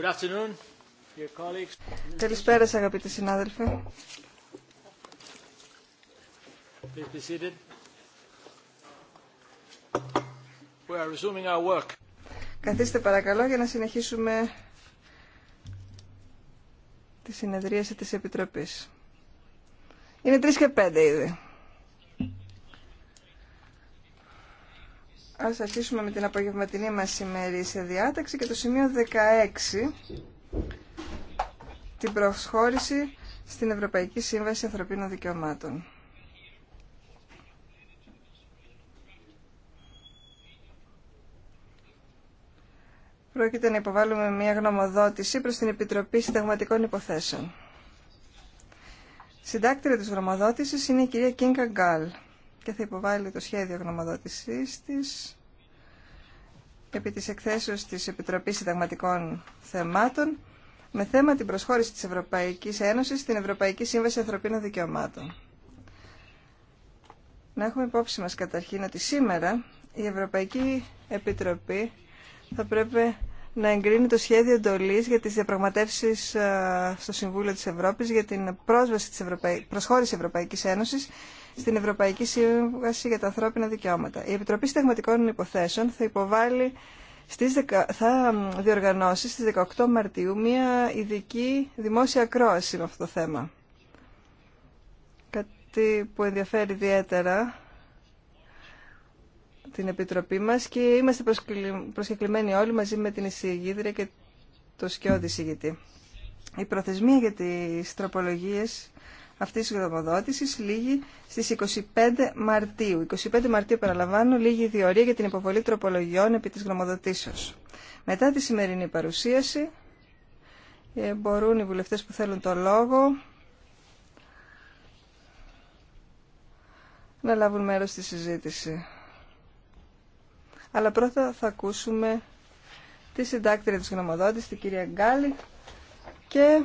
Good afternoon, dear colleagues. Καλησπέρα σας αγαπητοί συνάδελφοι. Please be seated. We are resuming our work. Καθίστε παρακαλώ για να συνεχίσουμε τη συνεδρίαση της Επιτροπής. Είναι 3 και 5 ήδη. Ας αρχίσουμε με την απογευματινή μας σε διάταξη και το σημείο 16, την προσχώρηση στην Ευρωπαϊκή Σύμβαση Ανθρωπίνων Δικαιωμάτων. Πρόκειται να υποβάλουμε μια γνωμοδότηση προς την Επιτροπή Συνταγματικών Υποθέσεων. Συντάκτηρα της γνωμοδότησης είναι η κυρία Κίνκα Γκάλ και θα υποβάλει το σχέδιο γνωμοδότησής της επί της εκθέσεως της Επιτροπής Συνταγματικών Θεμάτων με θέμα την προσχώρηση της Ευρωπαϊκής Ένωσης στην Ευρωπαϊκή Σύμβαση Ανθρωπίνων Δικαιωμάτων. Να έχουμε υπόψη μας καταρχήν ότι σήμερα η Ευρωπαϊκή Επιτροπή θα πρέπει να εγκρίνει το σχέδιο εντολή για τις διαπραγματεύσεις ε, στο Συμβούλιο της Ευρώπης για την πρόσβαση της Ευρωπαϊ... Ευρωπαϊκής Ένωσης στην Ευρωπαϊκή Σύμβαση για τα Ανθρώπινα Δικαιώματα. Η Επιτροπή Συνταγματικών Υποθέσεων θα υποβάλει στις, θα διοργανώσει στις 18 Μαρτίου μία ειδική δημόσια κρόαση με αυτό το θέμα. Κάτι που ενδιαφέρει ιδιαίτερα την Επιτροπή μας και είμαστε προσκεκλημένοι όλοι μαζί με την εισηγήτρια και το σκιώδη εισηγητή. Η προθεσμία για τις τροπολογίες αυτής της γνωμοδότησης λήγει στις 25 Μαρτίου. 25 Μαρτίου, παραλαμβάνω, λήγει η διορία για την υποβολή τροπολογιών επί της γνωμοδοτήσεως. Μετά τη σημερινή παρουσίαση ε, μπορούν οι βουλευτές που θέλουν το λόγο να λάβουν μέρος στη συζήτηση. Αλλά πρώτα θα ακούσουμε τη συντάκτρια της γνωμοδότης, την κυρία Γκάλη και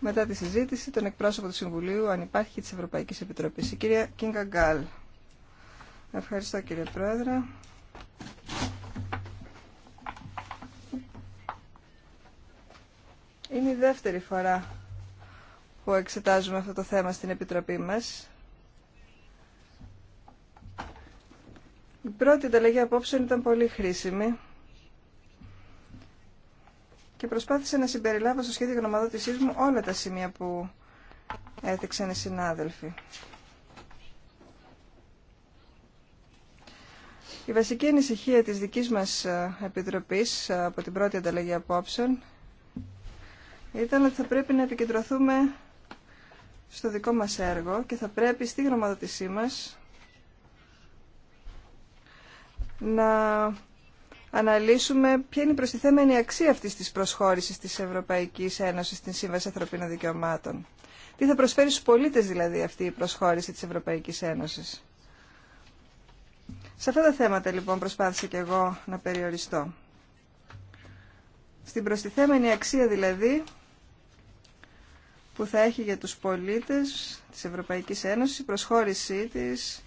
μετά τη συζήτηση, τον εκπρόσωπο του Συμβουλίου, αν υπάρχει, της Ευρωπαϊκής Επιτροπής. Η κυρία Κίνγκα Γκάλ. Ευχαριστώ κύριε Πρόεδρε. Είναι η δεύτερη φορά που εξετάζουμε αυτό το θέμα στην Επιτροπή μας. Η πρώτη ανταλλαγή απόψεων ήταν πολύ χρήσιμη και προσπάθησα να συμπεριλάβω στο σχέδιο γνωμαδότησή μου όλα τα σημεία που έδειξαν οι συνάδελφοι. Η βασική ανησυχία της δικής μας ε, Επιτροπής ε, από την πρώτη ανταλλαγή απόψεων ήταν ότι θα πρέπει να επικεντρωθούμε στο δικό μας έργο και θα πρέπει στη γνωμοδότησή μας να αναλύσουμε ποια είναι η προστιθέμενη αξία αυτής της προσχώρησης της Ευρωπαϊκής Ένωσης στην Σύμβαση Ανθρωπίνων Δικαιωμάτων. Τι θα προσφέρει στους πολίτες δηλαδή αυτή η προσχώρηση της Ευρωπαϊκής Ένωσης. Σε αυτά τα θέματα λοιπόν προσπάθησα και εγώ να περιοριστώ. Στην προστιθέμενη αξία δηλαδή που θα έχει για τους πολίτες της Ευρωπαϊκής Ένωσης η προσχώρησή της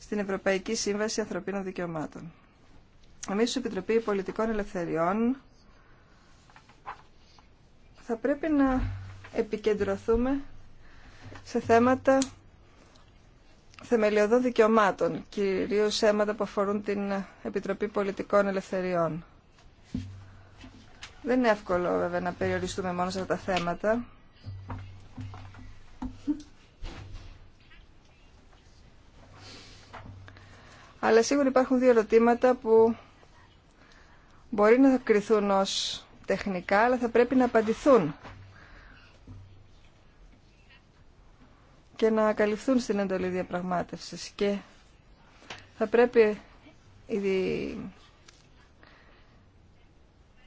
στην Ευρωπαϊκή Σύμβαση Ανθρωπίνων Δικαιωμάτων εμείς ως Επιτροπή Πολιτικών Ελευθεριών θα πρέπει να επικεντρωθούμε σε θέματα θεμελιωδών δικαιωμάτων, κυρίως θέματα που αφορούν την Επιτροπή Πολιτικών Ελευθεριών. Δεν είναι εύκολο βέβαια να περιοριστούμε μόνο σε αυτά τα θέματα. Αλλά σίγουρα υπάρχουν δύο ερωτήματα που μπορεί να κρυθούν ως τεχνικά, αλλά θα πρέπει να απαντηθούν και να καλυφθούν στην εντολή διαπραγμάτευσης και θα πρέπει ήδη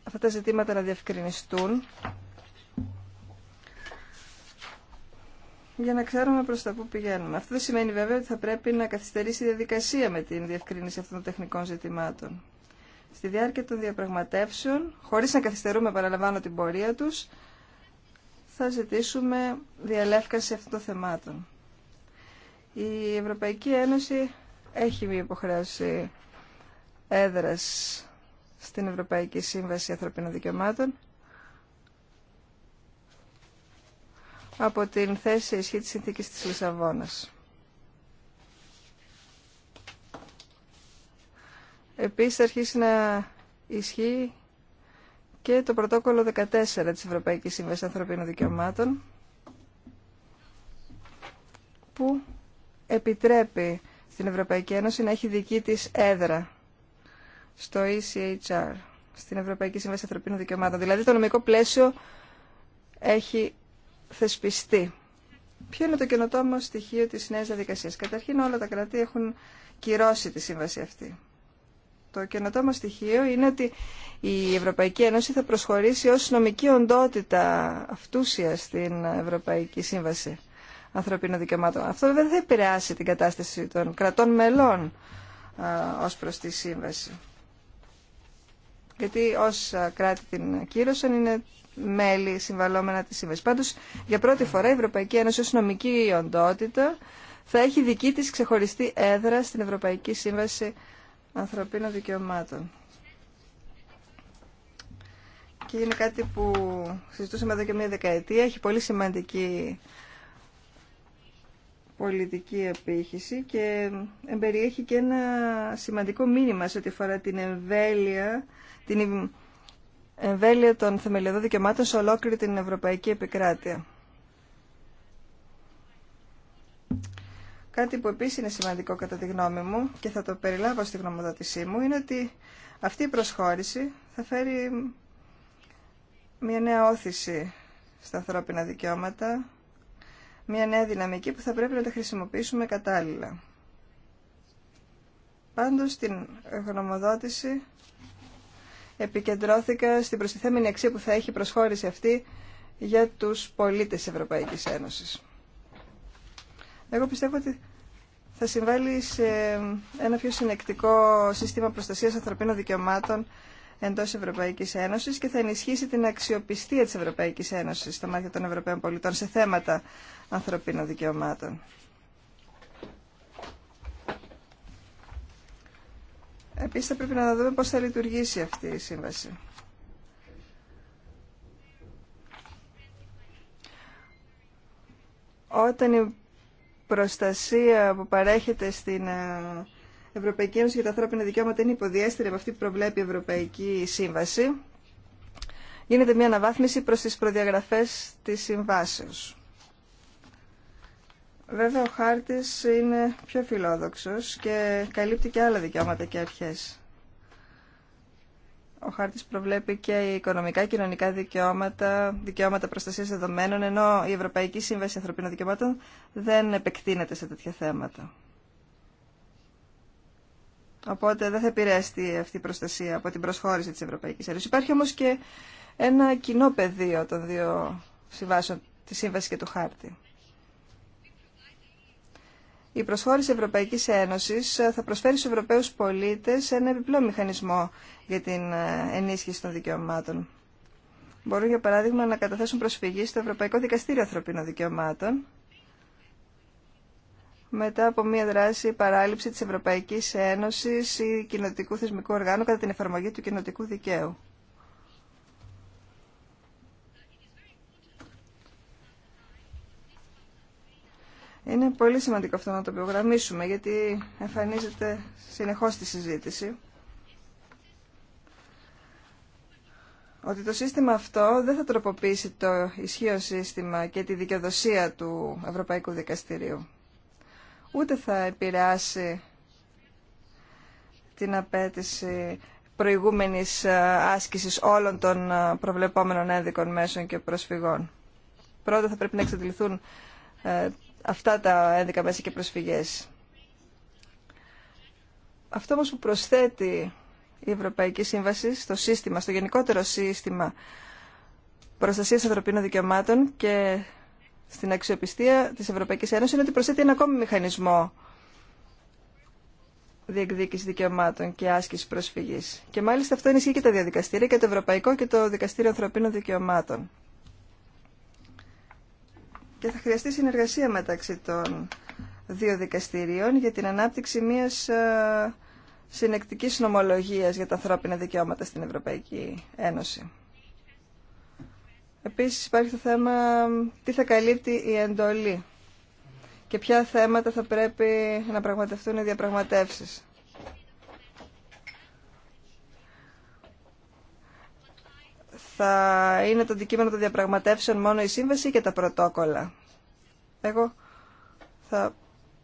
αυτά τα ζητήματα να διευκρινιστούν για να ξέρουμε προς τα που πηγαίνουμε. Αυτό δεν σημαίνει βέβαια ότι θα πρέπει να καθυστερήσει η διαδικασία με την διευκρίνηση αυτών των τεχνικών ζητημάτων στη διάρκεια των διαπραγματεύσεων, χωρίς να καθυστερούμε παραλαμβάνω την πορεία τους, θα ζητήσουμε διαλεύκανση αυτών των θεμάτων. Η Ευρωπαϊκή Ένωση έχει μια υποχρέωση έδρας στην Ευρωπαϊκή Σύμβαση Ανθρωπίνων Δικαιωμάτων. από την θέση ισχύ της συνθήκης της Λισαβόνας. Επίσης θα αρχίσει να ισχύει και το πρωτόκολλο 14 της Ευρωπαϊκής Σύμβασης Ανθρωπίνων Δικαιωμάτων που επιτρέπει στην Ευρωπαϊκή Ένωση να έχει δική της έδρα στο ECHR, στην Ευρωπαϊκή Σύμβαση Ανθρωπίνων Δικαιωμάτων. Δηλαδή το νομικό πλαίσιο έχει θεσπιστεί. Ποιο είναι το καινοτόμο στοιχείο της νέας διαδικασίας. Καταρχήν όλα τα κράτη έχουν κυρώσει τη σύμβαση αυτή. Το καινοτόμο στοιχείο είναι ότι η Ευρωπαϊκή Ένωση θα προσχωρήσει ως νομική οντότητα αυτούσια στην Ευρωπαϊκή Σύμβαση Ανθρωπίνων Δικαιωμάτων. Αυτό δεν θα επηρεάσει την κατάσταση των κρατών μελών ως προς τη Σύμβαση. Γιατί όσα κράτη την κύρωσαν είναι μέλη συμβαλόμενα της Σύμβασης. Πάντως, για πρώτη φορά η Ευρωπαϊκή Ένωση ως νομική οντότητα θα έχει δική της ξεχωριστή έδρα στην Ευρωπαϊκή Σύμβαση ανθρωπίνων δικαιωμάτων. Και είναι κάτι που συζητούσαμε εδώ και μία δεκαετία. Έχει πολύ σημαντική πολιτική επίχυση και εμπεριέχει και ένα σημαντικό μήνυμα σε ό,τι αφορά την εμβέλεια, την εμβέλεια των θεμελιωδών δικαιωμάτων σε ολόκληρη την ευρωπαϊκή επικράτεια. Κάτι που επίση είναι σημαντικό κατά τη γνώμη μου και θα το περιλάβω στη γνωμοδότησή μου είναι ότι αυτή η προσχώρηση θα φέρει μια νέα όθηση στα ανθρώπινα δικαιώματα, μια νέα δυναμική που θα πρέπει να τα χρησιμοποιήσουμε κατάλληλα. Πάντως την γνωμοδότηση επικεντρώθηκα στην προστιθέμενη αξία που θα έχει προσχώρηση αυτή για τους πολίτες Ευρωπαϊκής Ένωσης. Εγώ πιστεύω ότι θα συμβάλλει σε ένα πιο συνεκτικό σύστημα προστασίας ανθρωπίνων δικαιωμάτων εντός Ευρωπαϊκής Ένωσης και θα ενισχύσει την αξιοπιστία της Ευρωπαϊκής Ένωσης στα μάτια των Ευρωπαίων πολιτών σε θέματα ανθρωπίνων δικαιωμάτων. Επίσης θα πρέπει να δούμε πώς θα λειτουργήσει αυτή η σύμβαση. Όταν η προστασία που παρέχεται στην ε, Ευρωπαϊκή Ένωση για τα ανθρώπινα δικαιώματα είναι υποδιέστερη από αυτή που προβλέπει η Ευρωπαϊκή Σύμβαση, γίνεται μια αναβάθμιση προς τις προδιαγραφές της συμβάσεως. Βέβαια ο χάρτης είναι πιο φιλόδοξος και καλύπτει και άλλα δικαιώματα και αρχές ο χάρτης προβλέπει και οικονομικά και κοινωνικά δικαιώματα, δικαιώματα προστασίας δεδομένων, ενώ η Ευρωπαϊκή Σύμβαση Ανθρωπίνων Δικαιωμάτων δεν επεκτείνεται σε τέτοια θέματα. Οπότε δεν θα επηρεαστεί αυτή η προστασία από την προσχώρηση της Ευρωπαϊκής Ένωσης. Υπάρχει όμως και ένα κοινό πεδίο των δύο συμβάσεων, της Σύμβασης και του Χάρτη η προσχώρηση Ευρωπαϊκής Ένωση ε, θα προσφέρει στους Ευρωπαίους πολίτες ένα επιπλέον μηχανισμό για την ε, ενίσχυση των δικαιωμάτων. Μπορούν, για παράδειγμα, να καταθέσουν προσφυγή στο Ευρωπαϊκό Δικαστήριο Ανθρωπίνων Δικαιωμάτων μετά από μια δράση παράληψη της Ευρωπαϊκής Ένωσης ή κοινοτικού θεσμικού οργάνου κατά την εφαρμογή του κοινοτικού δικαίου. Είναι πολύ σημαντικό αυτό να το προγραμμίσουμε γιατί εμφανίζεται συνεχώς στη συζήτηση ότι το σύστημα αυτό δεν θα τροποποιήσει το ισχύον σύστημα και τη δικαιοδοσία του Ευρωπαϊκού Δικαστηρίου. Ούτε θα επηρεάσει την απέτηση προηγούμενης ε, άσκησης όλων των ε, προβλεπόμενων ένδικων μέσων και προσφυγών. Πρώτα θα πρέπει να εξαντληθούν ε, αυτά τα ένδικα μέσα και προσφυγές. Αυτό όμως που προσθέτει η Ευρωπαϊκή Σύμβαση στο σύστημα, στο γενικότερο σύστημα προστασίας ανθρωπίνων δικαιωμάτων και στην αξιοπιστία της Ευρωπαϊκής Ένωσης είναι ότι προσθέτει ένα ακόμη μηχανισμό διεκδίκηση δικαιωμάτων και άσκηση προσφυγής. Και μάλιστα αυτό ενισχύει και τα διαδικαστήρια και το Ευρωπαϊκό και το Δικαστήριο Ανθρωπίνων Δικαιωμάτων και θα χρειαστεί συνεργασία μεταξύ των δύο δικαστηρίων για την ανάπτυξη μιας ε, συνεκτικής νομολογίας για τα ανθρώπινα δικαιώματα στην Ευρωπαϊκή Ένωση. Επίσης υπάρχει το θέμα τι θα καλύπτει η εντολή και ποια θέματα θα πρέπει να πραγματευτούν οι διαπραγματεύσεις. θα είναι το αντικείμενο των διαπραγματεύσεων μόνο η σύμβαση και τα πρωτόκολλα. Εγώ θα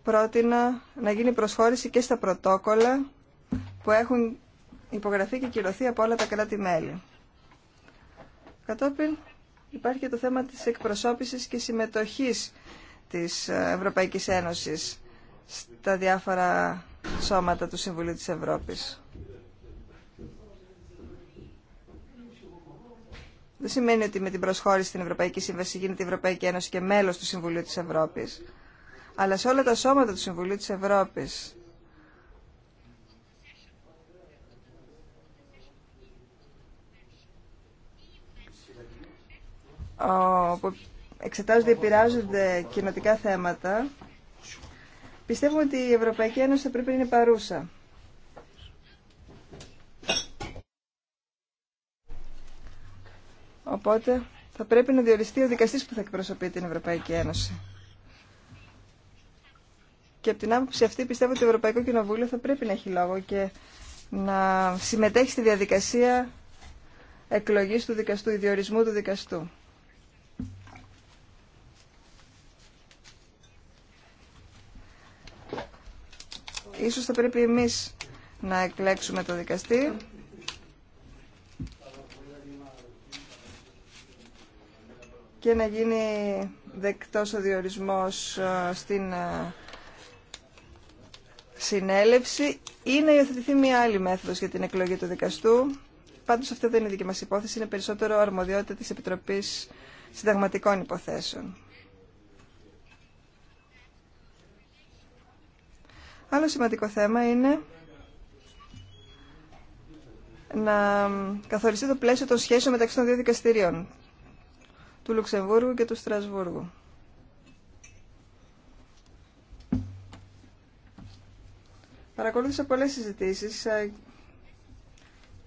πρότεινα να γίνει προσχώρηση και στα πρωτόκολλα που έχουν υπογραφεί και κυρωθεί από όλα τα κράτη-μέλη. Κατόπιν υπάρχει και το θέμα της εκπροσώπησης και συμμετοχής της Ευρωπαϊκής Ένωσης στα διάφορα σώματα του Συμβουλίου της Ευρώπης. Δεν σημαίνει ότι με την προσχώρηση στην Ευρωπαϊκή Σύμβαση γίνεται η Ευρωπαϊκή Ένωση και μέλο του Συμβουλίου της Ευρώπης. Αλλά σε όλα τα σώματα του Συμβουλίου της Ευρώπης που εξετάζονται ή πειράζονται κοινοτικά θέματα, πιστεύουμε ότι και επηρεάζονται κοινοτικα θεματα πιστευουμε Ένωση θα πρέπει να είναι παρούσα. Οπότε θα πρέπει να διοριστεί ο δικαστής που θα εκπροσωπεί την Ευρωπαϊκή Ένωση. Και από την άποψη αυτή πιστεύω ότι το Ευρωπαϊκό Κοινοβούλιο θα πρέπει να έχει λόγο και να συμμετέχει στη διαδικασία εκλογής του δικαστού, ιδιορισμού του δικαστού. Ίσως θα πρέπει εμείς να εκλέξουμε το δικαστή και να γίνει δεκτός ο διορισμός ε, στην ε, συνέλευση ή να υιοθετηθεί μια άλλη μέθοδος για την εκλογή του δικαστού. Πάντως αυτή δεν είναι η δική μας υπόθεση, είναι περισσότερο αρμοδιότητα της Επιτροπής Συνταγματικών Υποθέσεων. Άλλο σημαντικό θέμα είναι να καθοριστεί το πλαίσιο των σχέσεων μεταξύ των δύο δικαστηρίων, του Λουξεμβούργου και του Στρασβούργου. Παρακολούθησα πολλές συζητήσεις ε,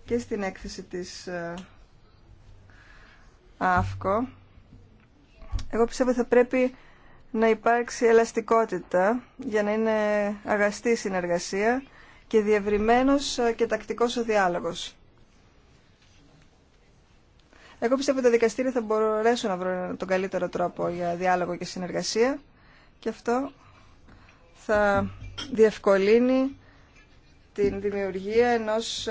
και στην έκθεση της ε, ΑΦΚΟ. Εγώ πιστεύω θα πρέπει να υπάρξει ελαστικότητα για να είναι αγαστή συνεργασία και διευρυμένος ε, και τακτικός ο διάλογος. Εγώ πιστεύω ότι τα δικαστήρια θα μπορέσουν να βρουν τον καλύτερο τρόπο για διάλογο και συνεργασία και αυτό θα διευκολύνει την δημιουργία ενός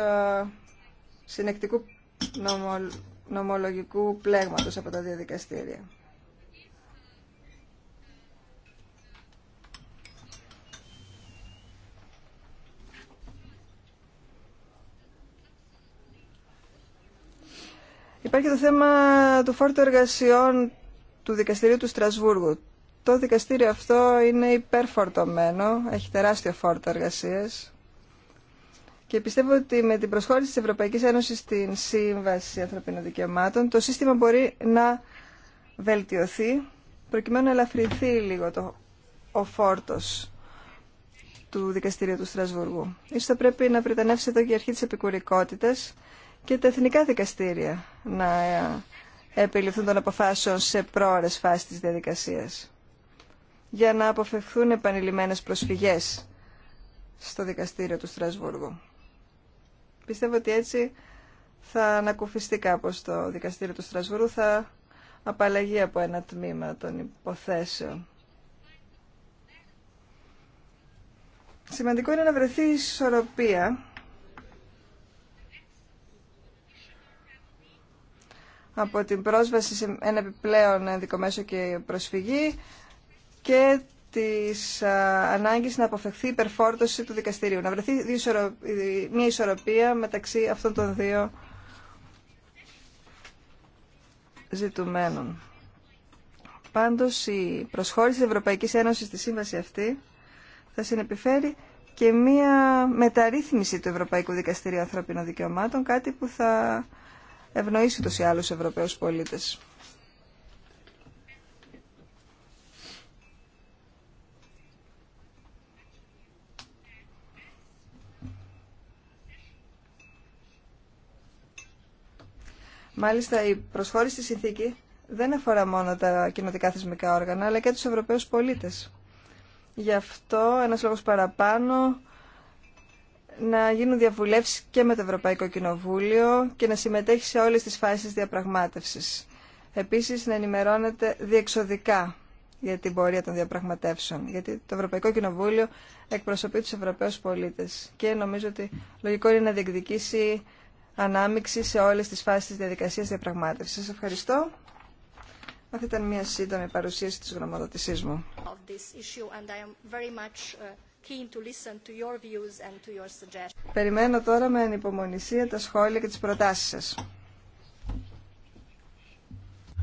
συνεκτικού νομολογικού πλέγματος από τα διαδικαστήρια. Υπάρχει το θέμα του φόρτου εργασιών του δικαστηρίου του Στρασβούργου. Το δικαστήριο αυτό είναι υπερφορτωμένο, έχει τεράστιο φόρτο εργασίες και πιστεύω ότι με την προσχώρηση της Ευρωπαϊκής Ένωσης στην Σύμβαση Ανθρωπίνων Δικαιωμάτων το σύστημα μπορεί να βελτιωθεί προκειμένου να ελαφρυνθεί λίγο το, ο φόρτος του Δικαστηρίου του Στρασβούργου. Ίσως θα πρέπει να πρετανεύσει εδώ και η αρχή της επικουρικότητας και τα εθνικά δικαστήρια να ε, επιληφθούν των αποφάσεων σε πρόορες φάσεις της διαδικασίας για να αποφευχθούν επανειλημμένες προσφυγές στο δικαστήριο του Στρασβούργου. Πιστεύω ότι έτσι θα ανακουφιστεί κάπως το δικαστήριο του Στρασβούργου, θα απαλλαγεί από ένα τμήμα των υποθέσεων. Σημαντικό είναι να βρεθεί ισορροπία από την πρόσβαση σε ένα επιπλέον ένδικο και προσφυγή και της ανάγκης να αποφευχθεί η υπερφόρτωση του δικαστηρίου. Να βρεθεί μια ισορροπία μεταξύ αυτών των δύο ζητουμένων. Πάντως η προσχώρηση της Ευρωπαϊκής Ένωσης στη σύμβαση αυτή θα συνεπιφέρει και μία μεταρρύθμιση του Ευρωπαϊκού Δικαστηρίου Ανθρωπίνων Δικαιωμάτων, κάτι που θα ευνοήσει τους ή άλλους Ευρωπαίους πολίτες. Μάλιστα, άλλου προσχώρηση στη συνθήκη δεν αφορά μόνο τα κοινοτικά θεσμικά όργανα, αλλά και τους Ευρωπαίους πολίτες. Γι' αυτό ένας λόγος παραπάνω να γίνουν διαβουλεύσεις και με το Ευρωπαϊκό Κοινοβούλιο και να συμμετέχει σε όλες τις φάσεις διαπραγμάτευσης. Επίσης να ενημερώνεται διεξοδικά για την πορεία των διαπραγματεύσεων, γιατί το Ευρωπαϊκό Κοινοβούλιο εκπροσωπεί τους Ευρωπαίους πολίτες και νομίζω ότι λογικό είναι να διεκδικήσει ανάμειξη σε όλες τις φάσεις της διαδικασίας διαπραγμάτευσης. Σας ευχαριστώ. Αυτή ήταν μια σύντομη παρουσίαση της γνωμοδοτησής μου. Uh, Περιμένω τώρα με ανυπομονησία τα σχόλια και τις προτάσεις σας.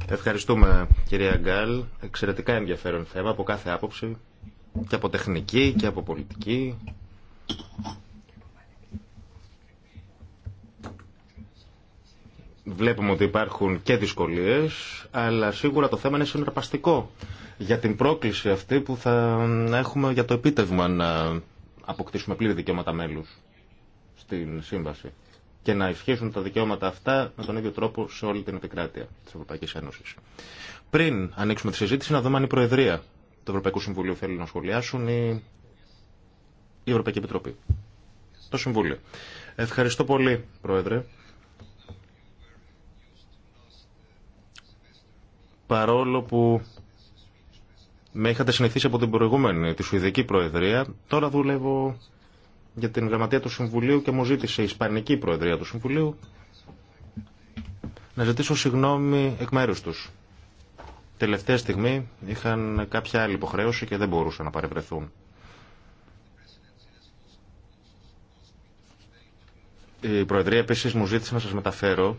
Ευχαριστούμε κυρία Γκάλ. Εξαιρετικά ενδιαφέρον θέμα από κάθε άποψη και από τεχνική και από πολιτική. Βλέπουμε ότι υπάρχουν και δυσκολίες, αλλά σίγουρα το θέμα είναι συναρπαστικό για την πρόκληση αυτή που θα έχουμε για το επίτευγμα να αποκτήσουμε πλήρη δικαιώματα μέλους στην σύμβαση και να ισχύσουν τα δικαιώματα αυτά με τον ίδιο τρόπο σε όλη την επικράτεια της Ευρωπαϊκής Ένωσης. Πριν ανοίξουμε τη συζήτηση, να δούμε αν η Προεδρία του Ευρωπαϊκού Συμβουλίου θέλει να σχολιάσουν ή η Ευρωπαϊκή Επιτροπή. Το Συμβούλιο. Ευχαριστώ πολύ, Πρόεδρε. Παρόλο που με είχατε συνηθίσει από την προηγούμενη, τη Σουηδική Προεδρία. Τώρα δουλεύω για την Γραμματεία του Συμβουλίου και μου ζήτησε η Ισπανική Προεδρία του Συμβουλίου να ζητήσω συγγνώμη εκ μέρους τους. Τελευταία στιγμή είχαν κάποια άλλη υποχρέωση και δεν μπορούσαν να παρευρεθούν. Η Προεδρία επίσης μου ζήτησε να σας μεταφέρω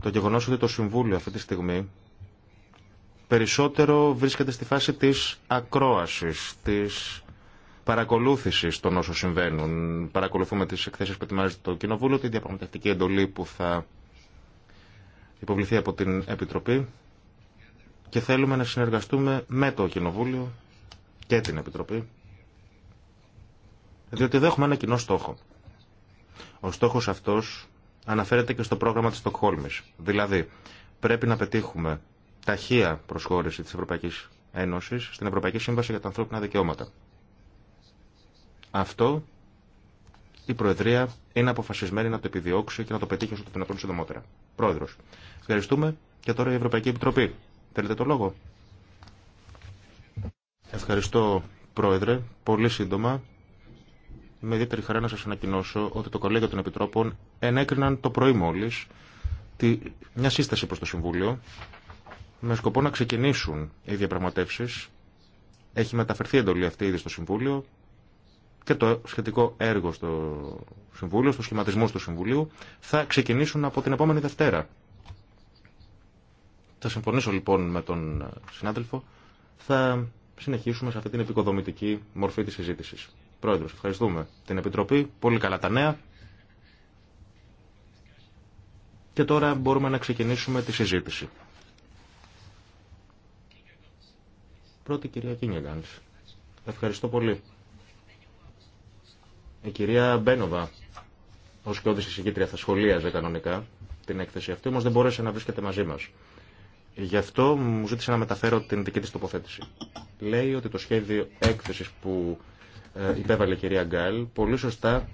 το γεγονός ότι το Συμβούλιο αυτή τη στιγμή περισσότερο βρίσκεται στη φάση της ακρόασης, της παρακολούθησης των όσων συμβαίνουν. Παρακολουθούμε τις εκθέσεις που ετοιμάζεται το Κοινοβούλιο, την διαπραγματευτική εντολή που θα υποβληθεί από την Επιτροπή και θέλουμε να συνεργαστούμε με το Κοινοβούλιο και την Επιτροπή διότι δεν έχουμε ένα κοινό στόχο. Ο στόχος αυτός αναφέρεται και στο πρόγραμμα της Στοκχόλμης. Δηλαδή, πρέπει να πετύχουμε ταχεία προσχώρηση της Ευρωπαϊκής Ένωσης στην Ευρωπαϊκή Σύμβαση για τα Ανθρώπινα Δικαιώματα. Αυτό η Προεδρία είναι αποφασισμένη να το επιδιώξει και να το πετύχει όσο το δυνατόν συντομότερα. Πρόεδρος, ευχαριστούμε και τώρα η Ευρωπαϊκή Επιτροπή. Θέλετε το λόγο. Ευχαριστώ, Πρόεδρε. Πολύ σύντομα, με ιδιαίτερη χαρά να σας ανακοινώσω ότι το Κολέγιο των Επιτρόπων ενέκριναν το πρωί μόλις μια σύσταση προς το Συμβούλιο με σκοπό να ξεκινήσουν οι διαπραγματεύσει. Έχει μεταφερθεί εντολή αυτή ήδη στο Συμβούλιο και το σχετικό έργο στο Συμβούλιο, στο σχηματισμό του Συμβουλίου, θα ξεκινήσουν από την επόμενη Δευτέρα. Θα συμφωνήσω λοιπόν με τον συνάδελφο. Θα συνεχίσουμε σε αυτή την επικοδομητική μορφή της συζήτησης. Πρόεδρος, ευχαριστούμε την Επιτροπή. Πολύ καλά τα νέα. Και τώρα μπορούμε να ξεκινήσουμε τη συζήτηση. Πρώτη κυρία Κίνιγκανς. Ευχαριστώ πολύ. Η κυρία Μπένοβα, ω και όντω εισηγήτρια, θα σχολίαζε κανονικά την έκθεση αυτή, όμω δεν μπόρεσε να βρίσκεται μαζί μα. Γι' αυτό μου ζήτησε να μεταφέρω την δική τη τοποθέτηση. Λέει ότι το σχέδιο έκθεση που ε, υπέβαλε η κυρία Γκάλ πολύ σωστά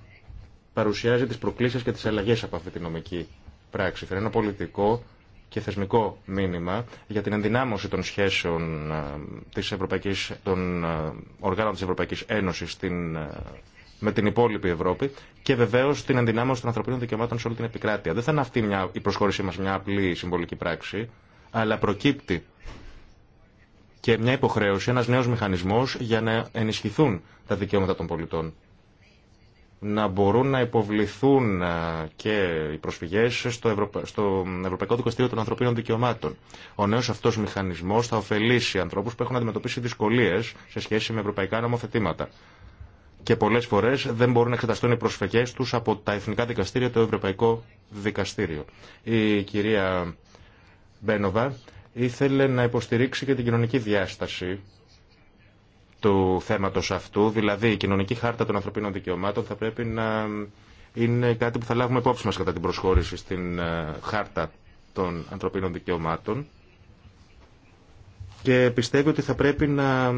παρουσιάζει τι προκλήσει και τι αλλαγέ από αυτή τη νομική πράξη. Θέλει ένα πολιτικό και θεσμικό μήνυμα για την ενδυνάμωση των σχέσεων ε, της Ευρωπαϊκής, των ε, οργάνων της Ευρωπαϊκής Ένωσης ε, με την υπόλοιπη Ευρώπη και βεβαίως την ενδυνάμωση των ανθρωπίνων δικαιωμάτων σε όλη την επικράτεια. Δεν θα είναι αυτή μια, η προσχώρησή μας μια απλή συμβολική πράξη, αλλά προκύπτει και μια υποχρέωση, ένας νέος μηχανισμός για να ενισχυθούν τα δικαιώματα των πολιτών να μπορούν να υποβληθούν ε, και οι προσφυγές στο, στο Ευρωπαϊκό Δικαστήριο των Ανθρωπίνων Δικαιωμάτων. Ο νέος αυτός μηχανισμός θα ωφελήσει ανθρώπους που έχουν αντιμετωπίσει δυσκολίες σε σχέση με ευρωπαϊκά νομοθετήματα. Και πολλές φορές δεν μπορούν να εξεταστούν οι προσφυγές τους από τα εθνικά δικαστήρια το Ευρωπαϊκό Δικαστήριο. Η κυρία Μπένοβα ήθελε να υποστηρίξει και την κοινωνική διάσταση του θέματος αυτού, δηλαδή η κοινωνική χάρτα των ανθρωπίνων δικαιωμάτων θα πρέπει να είναι κάτι που θα λάβουμε υπόψη μας κατά την προσχώρηση στην ε, χάρτα των ανθρωπίνων δικαιωμάτων και πιστεύω ότι θα πρέπει να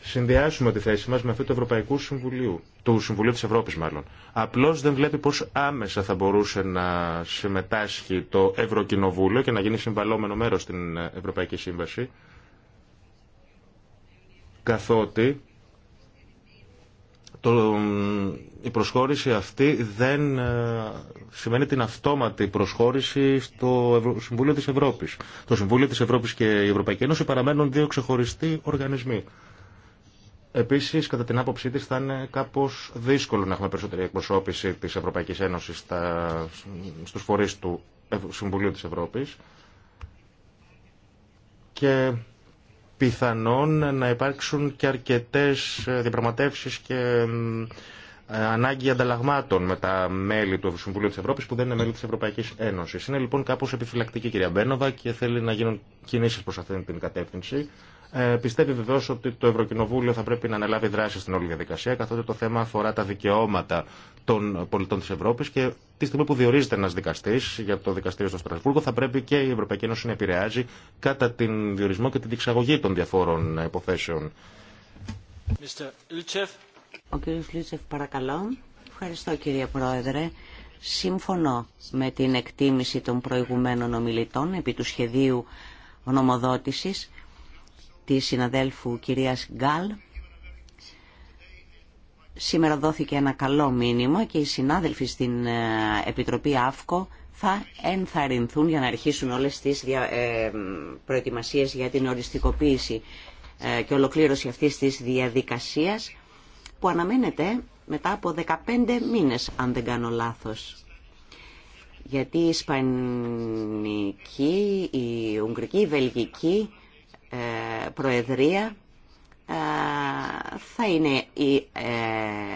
συνδυάσουμε τη θέση μας με αυτό του Ευρωπαϊκού Συμβουλίου, του Συμβουλίου της Ευρώπης μάλλον. Απλώς δεν βλέπει πώς άμεσα θα μπορούσε να συμμετάσχει το Ευρωκοινοβούλιο και να γίνει συμβαλόμενο μέρος στην ε, Ευρωπαϊκή Σύμβαση καθότι το, η προσχώρηση αυτή δεν ε, σημαίνει την αυτόματη προσχώρηση στο Συμβούλιο της Ευρώπης. Το Συμβούλιο της Ευρώπης και η Ευρωπαϊκή Ένωση παραμένουν δύο ξεχωριστοί οργανισμοί. Επίσης, κατά την άποψή της, θα είναι κάπως δύσκολο να έχουμε περισσότερη εκπροσώπηση της Ευρωπαϊκής Ένωσης στα, στους φορείς του Συμβουλίου της Ευρώπης. Και πιθανόν να υπάρξουν και αρκετές ε, διαπραγματεύσεις και ε, ανάγκη ανταλλαγμάτων με τα μέλη του Συμβουλίου της Ευρώπης που δεν είναι μέλη της Ευρωπαϊκής Ένωσης. Είναι λοιπόν κάπως επιφυλακτική κυρία Μπένοβα και θέλει να γίνουν κινήσεις προς αυτήν την κατεύθυνση ε, πιστεύει βεβαίω ότι το Ευρωκοινοβούλιο θα πρέπει να αναλάβει δράση στην όλη διαδικασία, καθότι το θέμα αφορά τα δικαιώματα των πολιτών τη Ευρώπη και τη στιγμή που διορίζεται ένα δικαστή για το δικαστήριο στο Στρασβούργο, θα πρέπει και η Ευρωπαϊκή Ένωση να επηρεάζει κατά την διορισμό και την διεξαγωγή των διαφόρων υποθέσεων. Ο κ. Λούτσεφ παρακαλώ. Ευχαριστώ κύριε Πρόεδρε. Σύμφωνο με την εκτίμηση των προηγουμένων ομιλητών επί του σχεδίου γνωμοδότησης, τη συναδέλφου κυρίας Γκάλ. Σήμερα δόθηκε ένα καλό μήνυμα και οι συνάδελφοι στην ε, Επιτροπή ΑΦΚΟ θα ενθαρρυνθούν για να αρχίσουν όλες τις ε, προετοιμασίες για την οριστικοποίηση ε, και ολοκλήρωση αυτής της διαδικασίας που αναμένεται μετά από 15 μήνες, αν δεν κάνω λάθος. Γιατί η Ισπανική, η Ουγγρική, η Βελγική Προεδρία ε, θα είναι οι ε,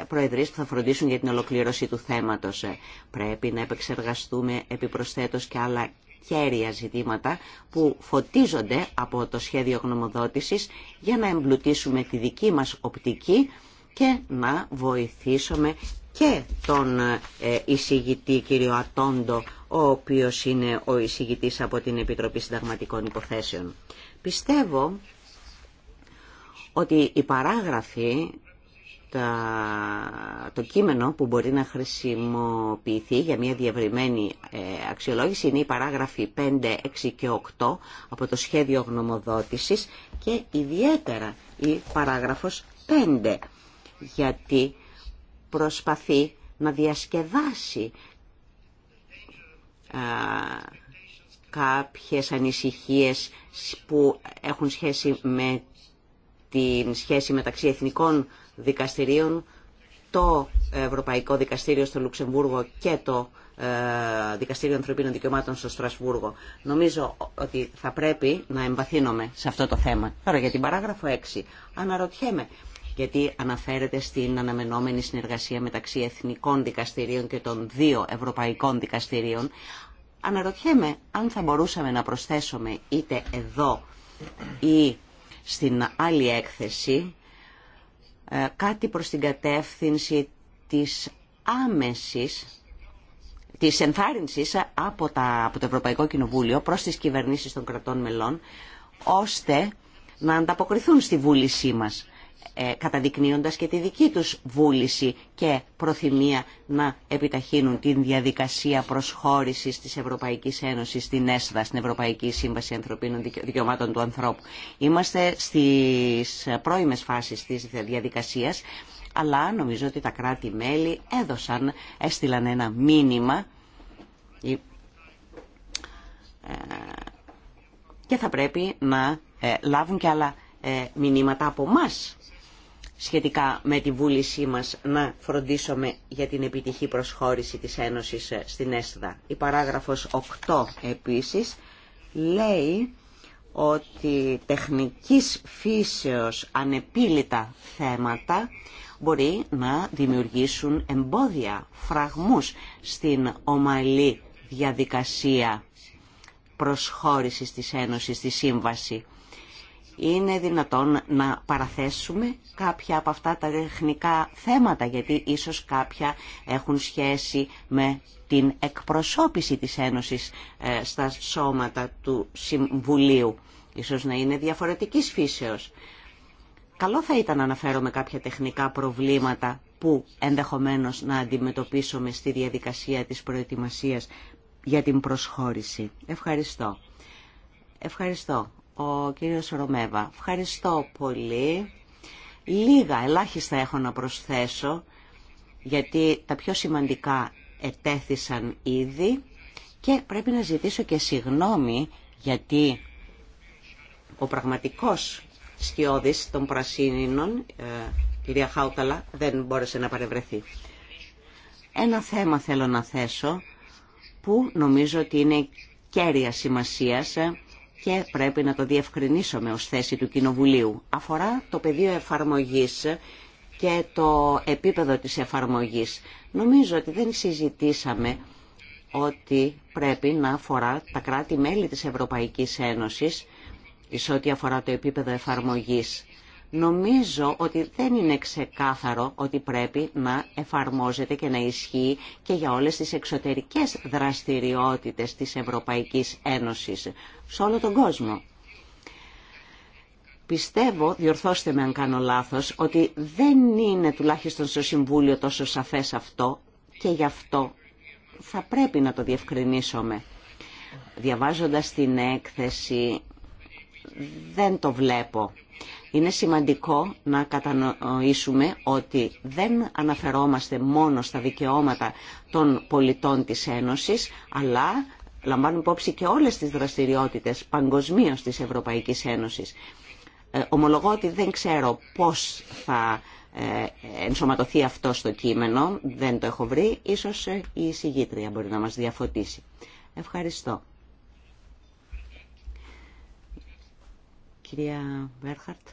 Προεδρίες που θα φροντίσουν για την ολοκλήρωση του θέματος. Ε, πρέπει να επεξεργαστούμε επιπροσθέτως και άλλα κέρια ζητήματα που φωτίζονται από το σχέδιο γνωμοδότησης για να εμπλουτίσουμε τη δική μας οπτική και να βοηθήσουμε και τον εισηγητή κύριο Ατόντο, ο οποίος είναι ο εισηγητής από την Επιτροπή Συνταγματικών Υποθέσεων. Πιστεύω ότι η παράγραφη, το κείμενο που μπορεί να χρησιμοποιηθεί για μια διευρυμένη ε, αξιολόγηση είναι η παράγραφη 5, 6 και 8 από το σχέδιο γνωμοδότησης και ιδιαίτερα η παράγραφος 5 γιατί προσπαθεί να διασκεδάσει κάποιες ανησυχίες που έχουν σχέση με τη σχέση μεταξύ εθνικών δικαστηρίων, το Ευρωπαϊκό Δικαστήριο στο Λουξεμβούργο και το ε, Δικαστήριο Ανθρωπίνων Δικαιωμάτων στο Στρασβούργο. Νομίζω ότι θα πρέπει να εμβαθύνομαι σε αυτό το θέμα. Τώρα για την παράγραφο 6. Αναρωτιέμαι γιατί αναφέρεται στην αναμενόμενη συνεργασία μεταξύ εθνικών δικαστηρίων και των δύο ευρωπαϊκών δικαστηρίων. Αναρωτιέμαι αν θα μπορούσαμε να προσθέσουμε είτε εδώ ή στην άλλη έκθεση ε, κάτι προς την κατεύθυνση της άμεσης της ενθάρρυνσης από, τα, από το Ευρωπαϊκό Κοινοβούλιο προς τις κυβερνήσεις των κρατών μελών ώστε να ανταποκριθούν στη βούλησή μας. Ε, καταδεικνύοντας και τη δική τους βούληση και προθυμία να επιταχύνουν την διαδικασία προσχώρησης της Ευρωπαϊκής Ένωσης στην ΕΣΔΑ, στην Ευρωπαϊκή Σύμβαση Ανθρωπίνων Δικαιωμάτων του Ανθρώπου. Είμαστε στις πρώιμες φάσεις της διαδικασίας, αλλά νομίζω ότι τα κράτη-μέλη έδωσαν, έστειλαν ένα μήνυμα ε, και θα πρέπει να ε, λάβουν και άλλα μηνύματα από μας σχετικά με τη βούλησή μας να φροντίσουμε για την επιτυχή προσχώρηση της Ένωσης ε, στην ΕΣΔΑ. Η παράγραφος 8 επίσης λέει ότι τεχνικής φύσεως ανεπίλητα θέματα μπορεί να δημιουργήσουν εμπόδια, φραγμούς στην ομαλή διαδικασία προσχώρησης της Ένωσης στη Σύμβαση είναι δυνατόν να παραθέσουμε κάποια από αυτά τα τεχνικά θέματα, γιατί ίσως κάποια έχουν σχέση με την εκπροσώπηση της Ένωσης ε, στα σώματα του Συμβουλίου. Ίσως να είναι διαφορετικής φύσεως. Καλό θα ήταν να αναφέρομαι κάποια τεχνικά προβλήματα που ενδεχομένως να αντιμετωπίσουμε στη διαδικασία της προετοιμασίας για την προσχώρηση. Ευχαριστώ. Ευχαριστώ ο κύριος Ρωμέβα. Ευχαριστώ πολύ. Λίγα, ελάχιστα έχω να προσθέσω, γιατί τα πιο σημαντικά ετέθησαν ήδη και πρέπει να ζητήσω και συγνώμη γιατί ο πραγματικός σκιώδης των Πρασίνινων, ε, κυρία Χάουταλα, δεν μπόρεσε να παρευρεθεί. Ένα θέμα θέλω να θέσω που νομίζω ότι είναι κέρια σημασίας ε, και πρέπει να το διευκρινίσουμε ως θέση του Κοινοβουλίου. Αφορά το πεδίο εφαρμογής και το επίπεδο της εφαρμογής. Νομίζω ότι δεν συζητήσαμε ότι πρέπει να αφορά τα κράτη-μέλη της Ευρωπαϊκής Ένωσης σε ό,τι αφορά το επίπεδο εφαρμογής. Νομίζω ότι δεν είναι ξεκάθαρο ότι πρέπει να εφαρμόζεται και να ισχύει και για όλες τις εξωτερικές δραστηριότητες της Ευρωπαϊκής Ένωσης σε όλο τον κόσμο. Πιστεύω, διορθώστε με αν κάνω λάθος, ότι δεν είναι τουλάχιστον στο Συμβούλιο τόσο σαφές αυτό και γι' αυτό θα πρέπει να το διευκρινίσουμε. Διαβάζοντας την έκθεση δεν το βλέπω είναι σημαντικό να κατανοήσουμε ότι δεν αναφερόμαστε μόνο στα δικαιώματα των πολιτών της Ένωσης, αλλά λαμβάνουμε υπόψη και όλες τις δραστηριότητες παγκοσμίω της Ευρωπαϊκής Ένωσης. Ε, ομολογώ ότι δεν ξέρω πώς θα ε, ενσωματωθεί αυτό στο κείμενο, δεν το έχω βρει, ίσως ε, η συγγήτρια μπορεί να μας διαφωτίσει. Ευχαριστώ. Κυρία Βέρχαρτ.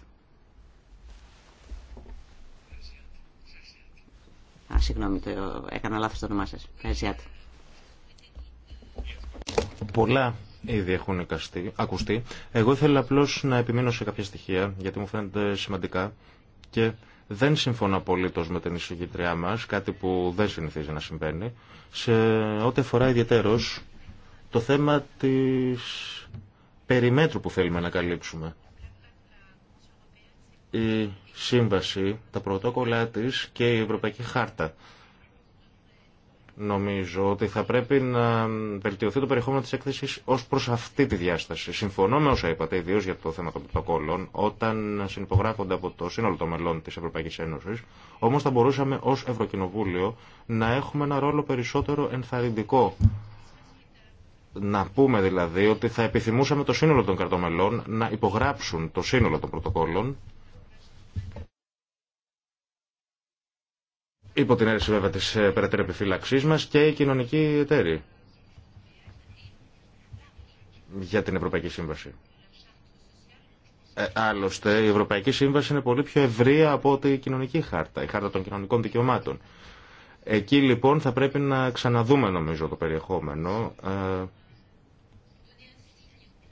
Α, συγγνώμη, το, έκανα λάθος το όνομά σας. Εζιάτ. Πολλά ήδη έχουν ακουστεί. Εγώ ήθελα απλώ να επιμείνω σε κάποια στοιχεία, γιατί μου φαίνεται σημαντικά και δεν συμφωνώ απολύτω με την εισηγητριά μας, κάτι που δεν συνηθίζει να συμβαίνει, σε ό,τι αφορά ιδιαίτερω το θέμα τη περιμέτρου που θέλουμε να καλύψουμε η σύμβαση, τα πρωτόκολλα της και η Ευρωπαϊκή Χάρτα. Νομίζω ότι θα πρέπει να βελτιωθεί το περιεχόμενο της έκθεσης ως προς αυτή τη διάσταση. Συμφωνώ με όσα είπατε, ιδίω για το θέμα των πρωτοκόλλων, όταν συνυπογράφονται από το σύνολο των μελών της Ευρωπαϊκής Ένωσης, όμως θα μπορούσαμε ως Ευρωκοινοβούλιο να έχουμε ένα ρόλο περισσότερο ενθαρρυντικό να πούμε δηλαδή ότι θα επιθυμούσαμε το σύνολο των κρατομελών να υπογράψουν το σύνολο των πρωτοκόλων υπό την αίρεση βέβαια της ε, περαιτέρω επιφύλαξής μας και οι κοινωνικοί εταίροι για την Ευρωπαϊκή Σύμβαση. Ε, άλλωστε, η Ευρωπαϊκή Σύμβαση είναι πολύ πιο ευρεία από ότι κοινωνική χάρτα, η χάρτα των κοινωνικών δικαιωμάτων. Εκεί λοιπόν θα πρέπει να ξαναδούμε νομίζω το περιεχόμενο ε,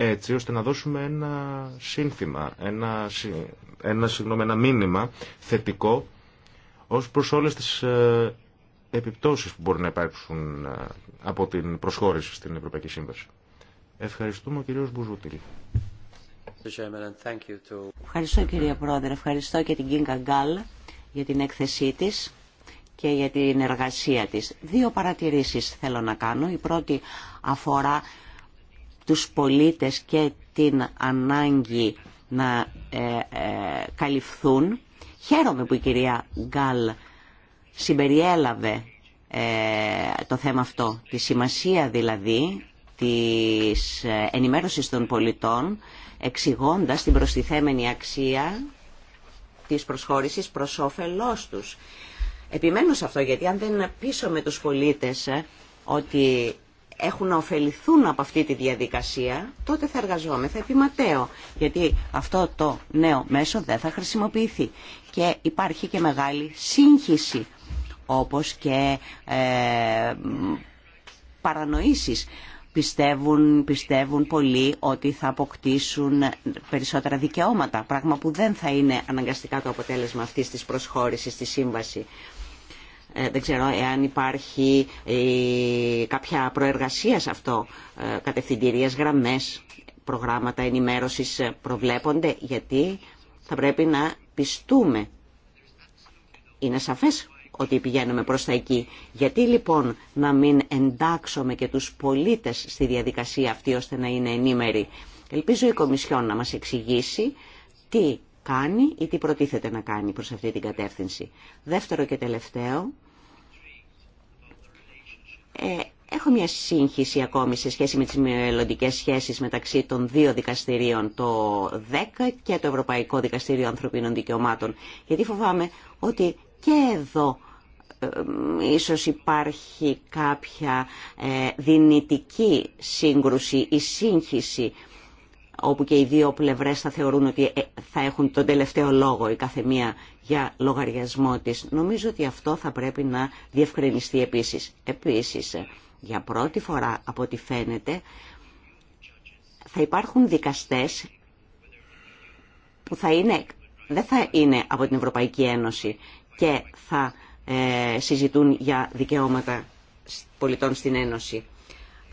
έτσι ώστε να δώσουμε ένα σύνθημα, ένα, ένα, συγγνώμη, ένα μήνυμα θετικό ως προς όλες τις ε, επιπτώσεις που μπορεί να υπάρξουν ε, από την προσχώρηση στην Ευρωπαϊκή Σύμβαση. Ευχαριστούμε ο κύριος Μπουζούτηλ. Ευχαριστώ κύριε Πρόεδρε, ευχαριστώ και την Κίνκα Γκάλ για την έκθεσή της και για την εργασία της. Δύο παρατηρήσεις θέλω να κάνω. Η πρώτη αφορά τους πολίτες και την ανάγκη να ε, ε καλυφθούν Χαίρομαι που η κυρία Γκάλ συμπεριέλαβε ε, το θέμα αυτό, τη σημασία δηλαδή της ε, ενημέρωσης των πολιτών εξηγώντας την προστιθέμενη αξία της προσχώρησης προς όφελός τους. Επιμένω σε αυτό γιατί αν δεν πείσω με τους πολίτες ε, ότι έχουν να ωφεληθούν από αυτή τη διαδικασία, τότε θα εργαζόμεθα επιματέω, γιατί αυτό το νέο μέσο δεν θα χρησιμοποιηθεί. Και υπάρχει και μεγάλη σύγχυση, όπως και ε, παρανοήσεις. Πιστεύουν, πιστεύουν πολλοί ότι θα αποκτήσουν περισσότερα δικαιώματα, πράγμα που δεν θα είναι αναγκαστικά το αποτέλεσμα αυτής της προσχώρησης στη σύμβαση. Ε, δεν ξέρω εάν υπάρχει ε, κάποια προεργασία σε αυτό, ε, κατευθυντηρίες γραμμές, προγράμματα ενημέρωσης προβλέπονται, γιατί θα πρέπει να πιστούμε. Είναι σαφές ότι πηγαίνουμε προς τα εκεί. Γιατί λοιπόν να μην εντάξουμε και τους πολίτες στη διαδικασία αυτή ώστε να είναι ενήμεροι. Ελπίζω η Κομισιόν να μας εξηγήσει τι κάνει ή τι προτίθεται να κάνει προς αυτή την κατεύθυνση. Δεύτερο και τελευταίο, ε, έχω μια σύγχυση ακόμη σε σχέση με τις μελλοντικέ σχέσεις μεταξύ των δύο δικαστηρίων, το 10 και το Ευρωπαϊκό Δικαστήριο Ανθρωπίνων Δικαιωμάτων, γιατί φοβάμαι ότι και εδώ ε, ίσως υπάρχει κάποια ε, δυνητική σύγκρουση ή σύγχυση όπου και οι δύο πλευρές θα θεωρούν ότι ε, θα έχουν τον τελευταίο λόγο η καθεμία για λογαριασμό της. Νομίζω ότι αυτό θα πρέπει να διευκρινιστεί επίσης. Επίσης, ε, για πρώτη φορά από ό,τι φαίνεται, θα υπάρχουν δικαστές που θα είναι, δεν θα είναι από την Ευρωπαϊκή Ένωση και θα ε, συζητούν για δικαιώματα πολιτών στην Ένωση.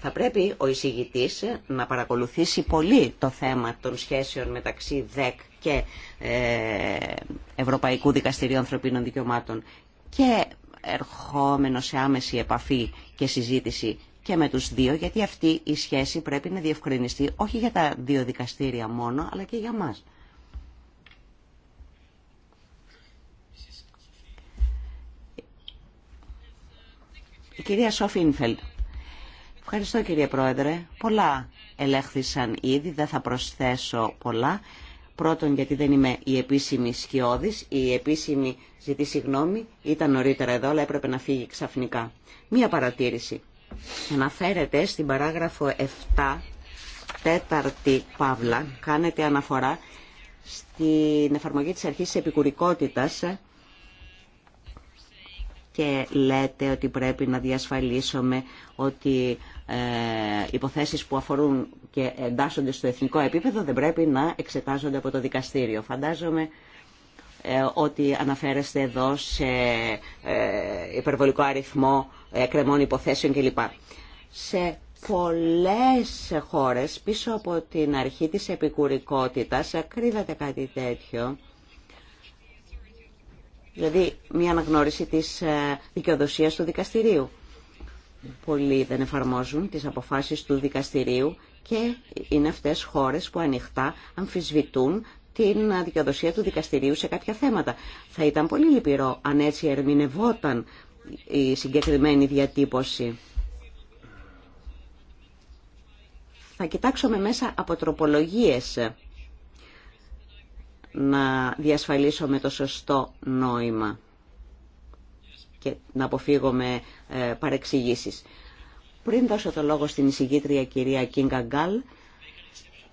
Θα πρέπει ο εισηγητής να παρακολουθήσει πολύ το θέμα των σχέσεων μεταξύ ΔΕΚ και ε, Ευρωπαϊκού Δικαστηρίου Ανθρωπίνων Δικαιωμάτων και ερχόμενο σε άμεση επαφή και συζήτηση και με τους δύο, γιατί αυτή η σχέση πρέπει να διευκρινιστεί όχι για τα δύο δικαστήρια μόνο, αλλά και για μας. Η κυρία Σόφινφελτ. Ευχαριστώ κύριε Πρόεδρε. Πολλά ελέγχθησαν ήδη, δεν θα προσθέσω πολλά. Πρώτον γιατί δεν είμαι η επίσημη σκιώδης, η επίσημη ζητή συγγνώμη ήταν νωρίτερα εδώ αλλά έπρεπε να φύγει ξαφνικά. Μία παρατήρηση. Αναφέρεται στην παράγραφο 7, τέταρτη παύλα, κάνετε αναφορά στην εφαρμογή της αρχής της επικουρικότητας και λέτε ότι πρέπει να διασφαλίσουμε ότι ε, υποθέσεις που αφορούν και εντάσσονται στο εθνικό επίπεδο δεν πρέπει να εξετάζονται από το δικαστήριο. Φαντάζομαι ε, ότι αναφέρεστε εδώ σε ε, υπερβολικό αριθμό εκκρεμών υποθέσεων κλπ. Σε πολλές χώρες πίσω από την αρχή της επικουρικότητας κρύβεται κάτι τέτοιο. Δηλαδή μια αναγνώριση της δικαιοδοσίας του δικαστηρίου. Πολλοί δεν εφαρμόζουν τις αποφάσεις του δικαστηρίου και είναι αυτές χώρες που ανοιχτά αμφισβητούν την δικαιοδοσία του δικαστηρίου σε κάποια θέματα. Θα ήταν πολύ λυπηρό αν έτσι ερμηνευόταν η συγκεκριμένη διατύπωση. Θα κοιτάξουμε μέσα από τροπολογίες να διασφαλίσουμε το σωστό νόημα και να αποφύγουμε ε, παρεξηγήσεις. Πριν δώσω το λόγο στην εισηγήτρια κυρία Κίνγκα Γκάλ,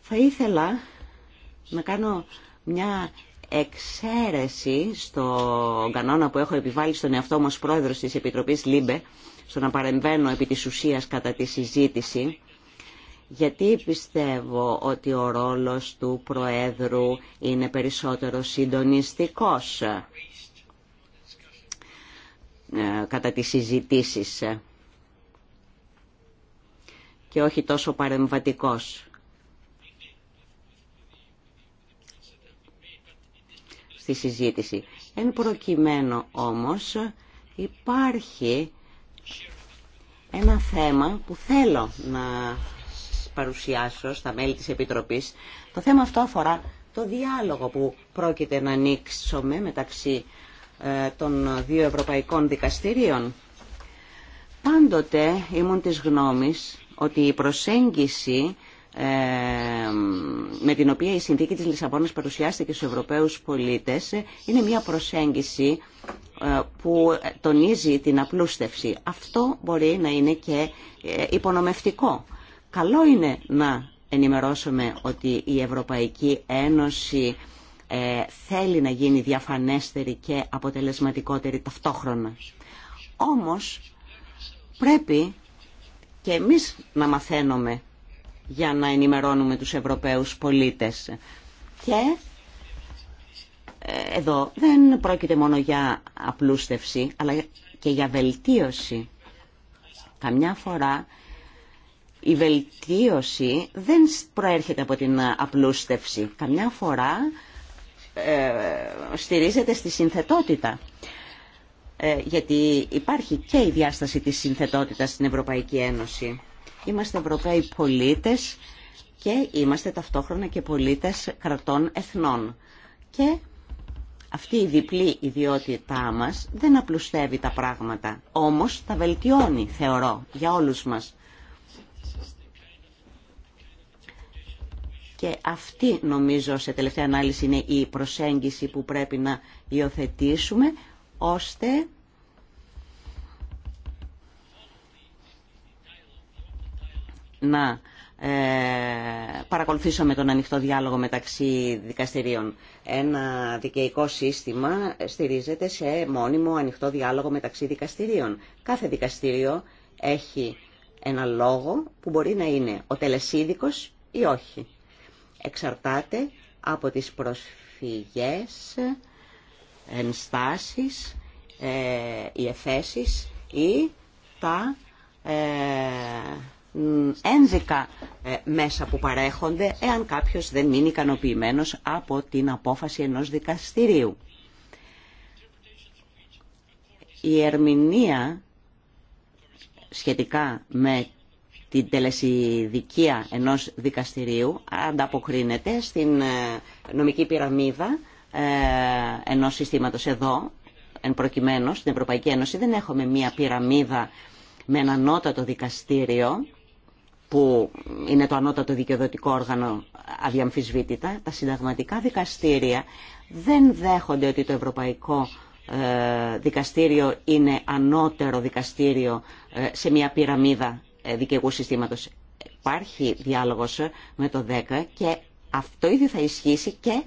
θα ήθελα να κάνω μια εξαίρεση στο κανόνα που έχω επιβάλει στον εαυτό μας πρόεδρος της Επιτροπής ΛΥΜΠΕ, στο να παρεμβαίνω επί της ουσίας κατά τη συζήτηση, γιατί πιστεύω ότι ο ρόλος του Προέδρου είναι περισσότερο συντονιστικός ε, κατά τις συζητήσεις ε, και όχι τόσο παρεμβατικός. στη συζήτηση. Εν προκειμένου όμως υπάρχει ένα θέμα που θέλω να παρουσιάσω στα μέλη της Επιτροπής. Το θέμα αυτό αφορά το διάλογο που πρόκειται να ανοίξουμε μεταξύ ε, των δύο ευρωπαϊκών δικαστηρίων. Πάντοτε ήμουν της γνώμης ότι η προσέγγιση ε, με την οποία η συνθήκη της Λισαβόνας παρουσιάστηκε στους Ευρωπαίους πολίτες είναι μια προσέγγιση ε, που τονίζει την απλούστευση. Αυτό μπορεί να είναι και υπονομευτικό. Καλό είναι να ενημερώσουμε ότι η Ευρωπαϊκή Ένωση ε, θέλει να γίνει διαφανέστερη και αποτελεσματικότερη ταυτόχρονα. Όμως πρέπει και εμείς να μαθαίνουμε για να ενημερώνουμε τους Ευρωπαίους πολίτες. Και ε, εδώ δεν πρόκειται μόνο για απλούστευση, αλλά και για βελτίωση. Καμιά φορά η βελτίωση δεν προέρχεται από την απλούστευση. Καμιά φορά ε, στηρίζεται στη συνθετότητα. Ε, γιατί υπάρχει και η διάσταση της συνθετότητας στην Ευρωπαϊκή Ένωση. Είμαστε Ευρωπαίοι πολίτες και είμαστε ταυτόχρονα και πολίτες κρατών εθνών. Και αυτή η διπλή ιδιότητά μας δεν απλουστεύει τα πράγματα, όμως τα βελτιώνει, θεωρώ, για όλους μας. Και αυτή νομίζω σε τελευταία ανάλυση είναι η προσέγγιση που πρέπει να υιοθετήσουμε ώστε να ε, παρακολουθήσουμε τον ανοιχτό διάλογο μεταξύ δικαστηρίων. Ένα δικαιικό σύστημα στηρίζεται σε μόνιμο ανοιχτό διάλογο μεταξύ δικαστηρίων. Κάθε δικαστήριο έχει ένα λόγο που μπορεί να είναι ο τελεσίδικος ή όχι εξαρτάται από τις προσφυγές, ενστάσεις, ε, οι εφέσεις ή τα ε, ε, μέσα που παρέχονται εάν κάποιος δεν είναι ικανοποιημένος από την απόφαση ενός δικαστηρίου. Η ερμηνεία σχετικά με την τελεσιδικία ενός δικαστηρίου ανταποκρίνεται στην ε, νομική πυραμίδα ε, ενός συστήματος εδώ, εν προκειμένου στην Ευρωπαϊκή Ένωση δεν έχουμε μία πυραμίδα με ένα ανώτατο δικαστήριο που είναι το ανώτατο δικαιοδοτικό όργανο αδιαμφισβήτητα, τα συνταγματικά δικαστήρια δεν δέχονται ότι το Ευρωπαϊκό ε, Δικαστήριο είναι ανώτερο δικαστήριο σε μια πυραμίδα ε, δικαιού συστήματος. Υπάρχει διάλογος με το 10 και αυτό ήδη θα ισχύσει και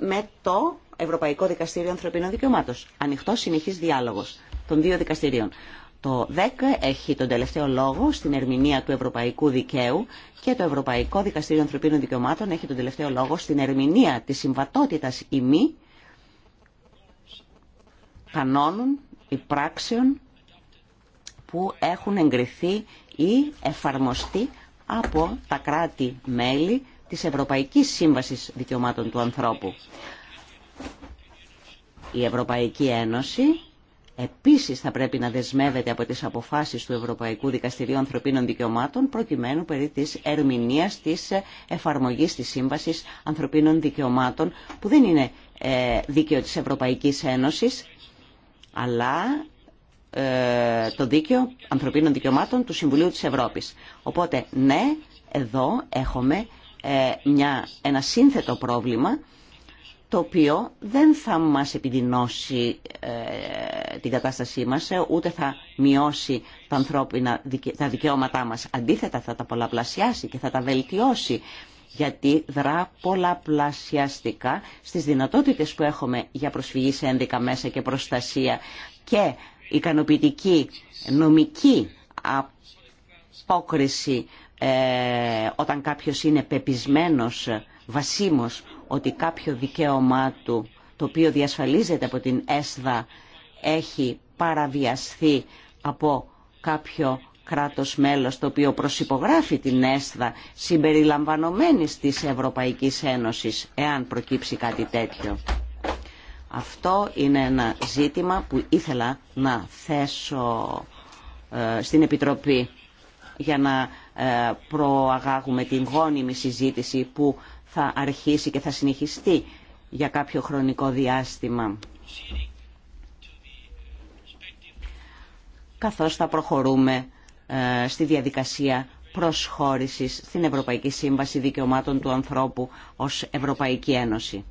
με το Ευρωπαϊκό Δικαστήριο Ανθρωπίνων Δικαιωμάτων. Ανοιχτό συνεχής διάλογος των δύο δικαστηρίων. Το 10 έχει τον τελευταίο λόγο στην ερμηνεία του Ευρωπαϊκού Δικαίου και το Ευρωπαϊκό Δικαστήριο Ανθρωπίνων Δικαιωμάτων έχει τον τελευταίο λόγο στην ερμηνεία της συμβατότητας ημί κανόνων, υπράξεων που έχουν εγκριθεί ή εφαρμοστεί από τα κράτη-μέλη της Ευρωπαϊκής Σύμβασης Δικαιωμάτων του Ανθρώπου. Η Ευρωπαϊκή Ένωση επίσης θα πρέπει να δεσμεύεται από τις αποφάσεις του Ευρωπαϊκού Δικαστηρίου Ανθρωπίνων Δικαιωμάτων προκειμένου περί της ερμηνείας της εφαρμογής της Σύμβασης Ανθρωπίνων Δικαιωμάτων που δεν είναι ε, δίκαιο της Ευρωπαϊκής Ένωσης αλλά ε, το δίκαιο ανθρωπίνων δικαιωμάτων του Συμβουλίου της Ευρώπης. Οπότε, ναι, εδώ έχουμε ε, μια, ένα σύνθετο πρόβλημα το οποίο δεν θα μας επιδεινώσει ε, την κατάστασή μας, ούτε θα μειώσει τα, ανθρώπινα, τα δικαιώματά μας. Αντίθετα θα τα πολλαπλασιάσει και θα τα βελτιώσει, γιατί δρά πολλαπλασιαστικά στις δυνατότητες που έχουμε για προσφυγή σε ένδικα μέσα και προστασία και ικανοποιητική νομική απόκριση ε, όταν κάποιος είναι πεπισμένος, βασίμος ότι κάποιο δικαίωμά του το οποίο διασφαλίζεται από την ΕΣΔΑ έχει παραβιαστεί από κάποιο κράτος μέλος το οποίο προσυπογράφει την ΕΣΔΑ συμπεριλαμβανομένης της Ευρωπαϊκής Ένωσης εάν προκύψει κάτι τέτοιο. Αυτό είναι ένα ζήτημα που ήθελα να θέσω ε, στην Επιτροπή για να ε, προαγάγουμε την γόνιμη συζήτηση που θα αρχίσει και θα συνεχιστεί για κάποιο χρονικό διάστημα. Καθώς θα προχωρούμε ε, στη διαδικασία προσχώρησης στην Ευρωπαϊκή Σύμβαση Δικαιωμάτων του Ανθρώπου ως Ευρωπαϊκή Ένωση.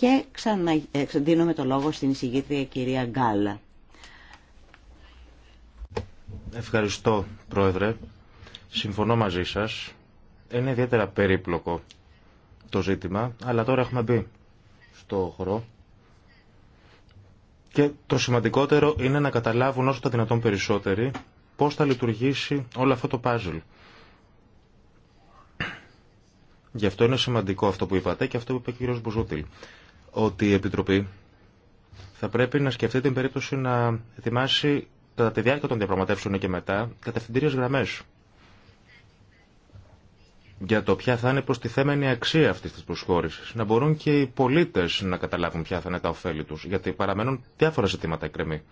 Και ξανα... Ε, δίνουμε το λόγο στην εισηγήτρια κυρία Γκάλα. Ευχαριστώ, Πρόεδρε. Συμφωνώ μαζί σας. Είναι ιδιαίτερα περίπλοκο το ζήτημα, αλλά τώρα έχουμε μπει στο χώρο. Και το σημαντικότερο είναι να καταλάβουν όσο τα δυνατόν περισσότεροι πώς θα λειτουργήσει όλο αυτό το πάζλ. Γι' αυτό είναι σημαντικό αυτό που είπατε και αυτό που είπε ο κ. Μπουζούτιλ ότι η Επιτροπή θα πρέπει να σκεφτεί την περίπτωση να ετοιμάσει κατά τη διάρκεια των διαπραγματεύσεων και μετά κατευθυντήριε γραμμέ. για το ποια θα είναι προστιθέμενη αξία αυτή τη προσχώρηση. Να μπορούν και οι πολίτε να καταλάβουν ποια θα είναι τα ωφέλη του, γιατί παραμένουν διάφορα ζητήματα εκκρεμή.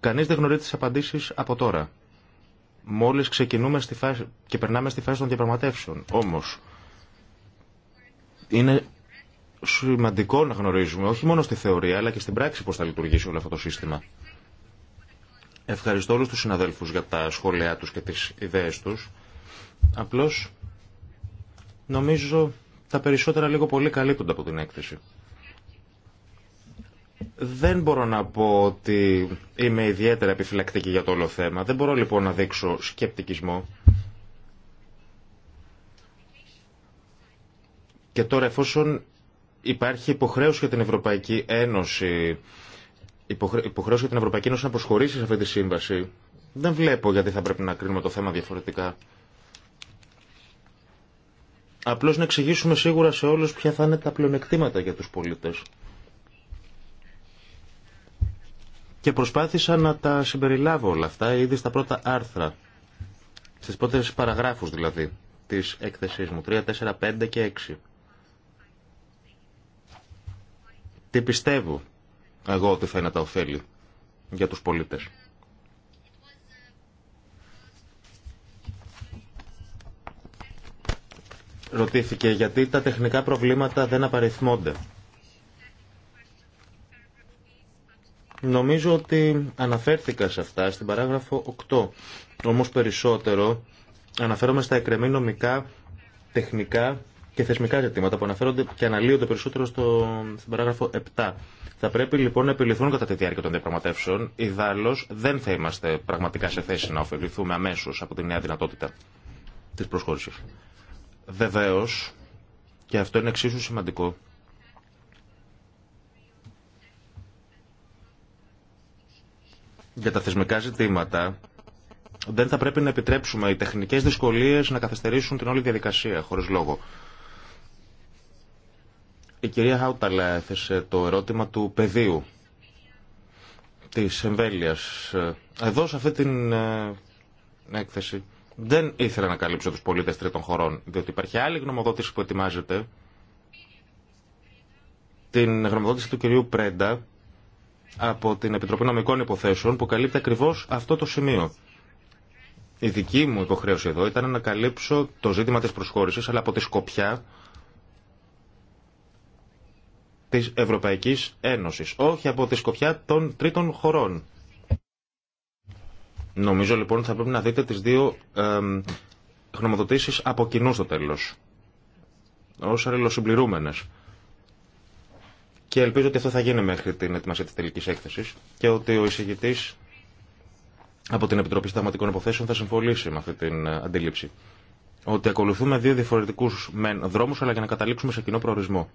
Κανεί δεν γνωρίζει τι απαντήσει από τώρα. Μόλι ξεκινούμε στη φάση και περνάμε στη φάση των διαπραγματεύσεων. Όμω, είναι σημαντικό να γνωρίζουμε όχι μόνο στη θεωρία αλλά και στην πράξη πώς θα λειτουργήσει όλο αυτό το σύστημα. Ευχαριστώ όλους τους συναδέλφους για τα σχόλιά τους και τις ιδέες τους. Απλώς νομίζω τα περισσότερα λίγο πολύ καλύπτονται από την έκθεση. Δεν μπορώ να πω ότι είμαι ιδιαίτερα επιφυλακτική για το όλο θέμα. Δεν μπορώ λοιπόν να δείξω σκεπτικισμό. Και τώρα εφόσον υπάρχει υποχρέωση για την Ευρωπαϊκή Ένωση υποχρέωση για την Ευρωπαϊκή Ένωση να προσχωρήσει σε αυτή τη σύμβαση. Δεν βλέπω γιατί θα πρέπει να κρίνουμε το θέμα διαφορετικά. Απλώς να εξηγήσουμε σίγουρα σε όλους ποια θα είναι τα πλεονεκτήματα για τους πολίτες. Και προσπάθησα να τα συμπεριλάβω όλα αυτά ήδη στα πρώτα άρθρα, στις πρώτες παραγράφους δηλαδή, της έκθεσής μου, 3, 4, 5 και 6. Τι πιστεύω εγώ ότι θα είναι τα ωφέλη για τους πολίτες. Ρωτήθηκε γιατί τα τεχνικά προβλήματα δεν απαριθμώνται. Νομίζω ότι αναφέρθηκα σε αυτά στην παράγραφο 8. Όμως περισσότερο αναφέρομαι στα εκκρεμή νομικά, τεχνικά και θεσμικά ζητήματα που αναφέρονται και αναλύονται περισσότερο στο, στην παράγραφο 7. Θα πρέπει λοιπόν να επιληθούν κατά τη διάρκεια των διαπραγματεύσεων. Ιδάλω δεν θα είμαστε πραγματικά σε θέση να ωφεληθούμε αμέσω από τη νέα δυνατότητα τη προσχώρηση. Βεβαίω, και αυτό είναι εξίσου σημαντικό, για τα θεσμικά ζητήματα δεν θα πρέπει να επιτρέψουμε οι τεχνικές δυσκολίες να καθυστερήσουν την όλη διαδικασία, χωρίς λόγο. Η κυρία Χάουταλα έθεσε το ερώτημα του πεδίου της εμβέλειας. Εδώ σε αυτή την ε, έκθεση δεν ήθελα να καλύψω τους πολίτες τρίτων χωρών, διότι υπάρχει άλλη γνωμοδότηση που ετοιμάζεται, την γνωμοδότηση του κυρίου Πρέντα από την Επιτροπή Νομικών Υποθέσεων που καλύπτει ακριβώς αυτό το σημείο. Η δική μου υποχρέωση εδώ ήταν να καλύψω το ζήτημα της προσχώρησης, αλλά από τη σκοπιά της Ευρωπαϊκής Ένωσης, όχι από τη σκοπιά των τρίτων χωρών. Νομίζω λοιπόν θα πρέπει να δείτε τις δύο ε, γνωμοδοτήσεις από κοινού στο τέλος, ως αλληλοσυμπληρούμενες. Και ελπίζω ότι αυτό θα γίνει μέχρι την ετοιμασία της τελικής έκθεσης και ότι ο εισηγητής από την Επιτροπή Σταγματικών Υποθέσεων θα συμφωνήσει με αυτή την ε, αντίληψη. Ότι ακολουθούμε δύο διαφορετικούς δρόμους αλλά για να καταλήξουμε σε κοινό προορισμό.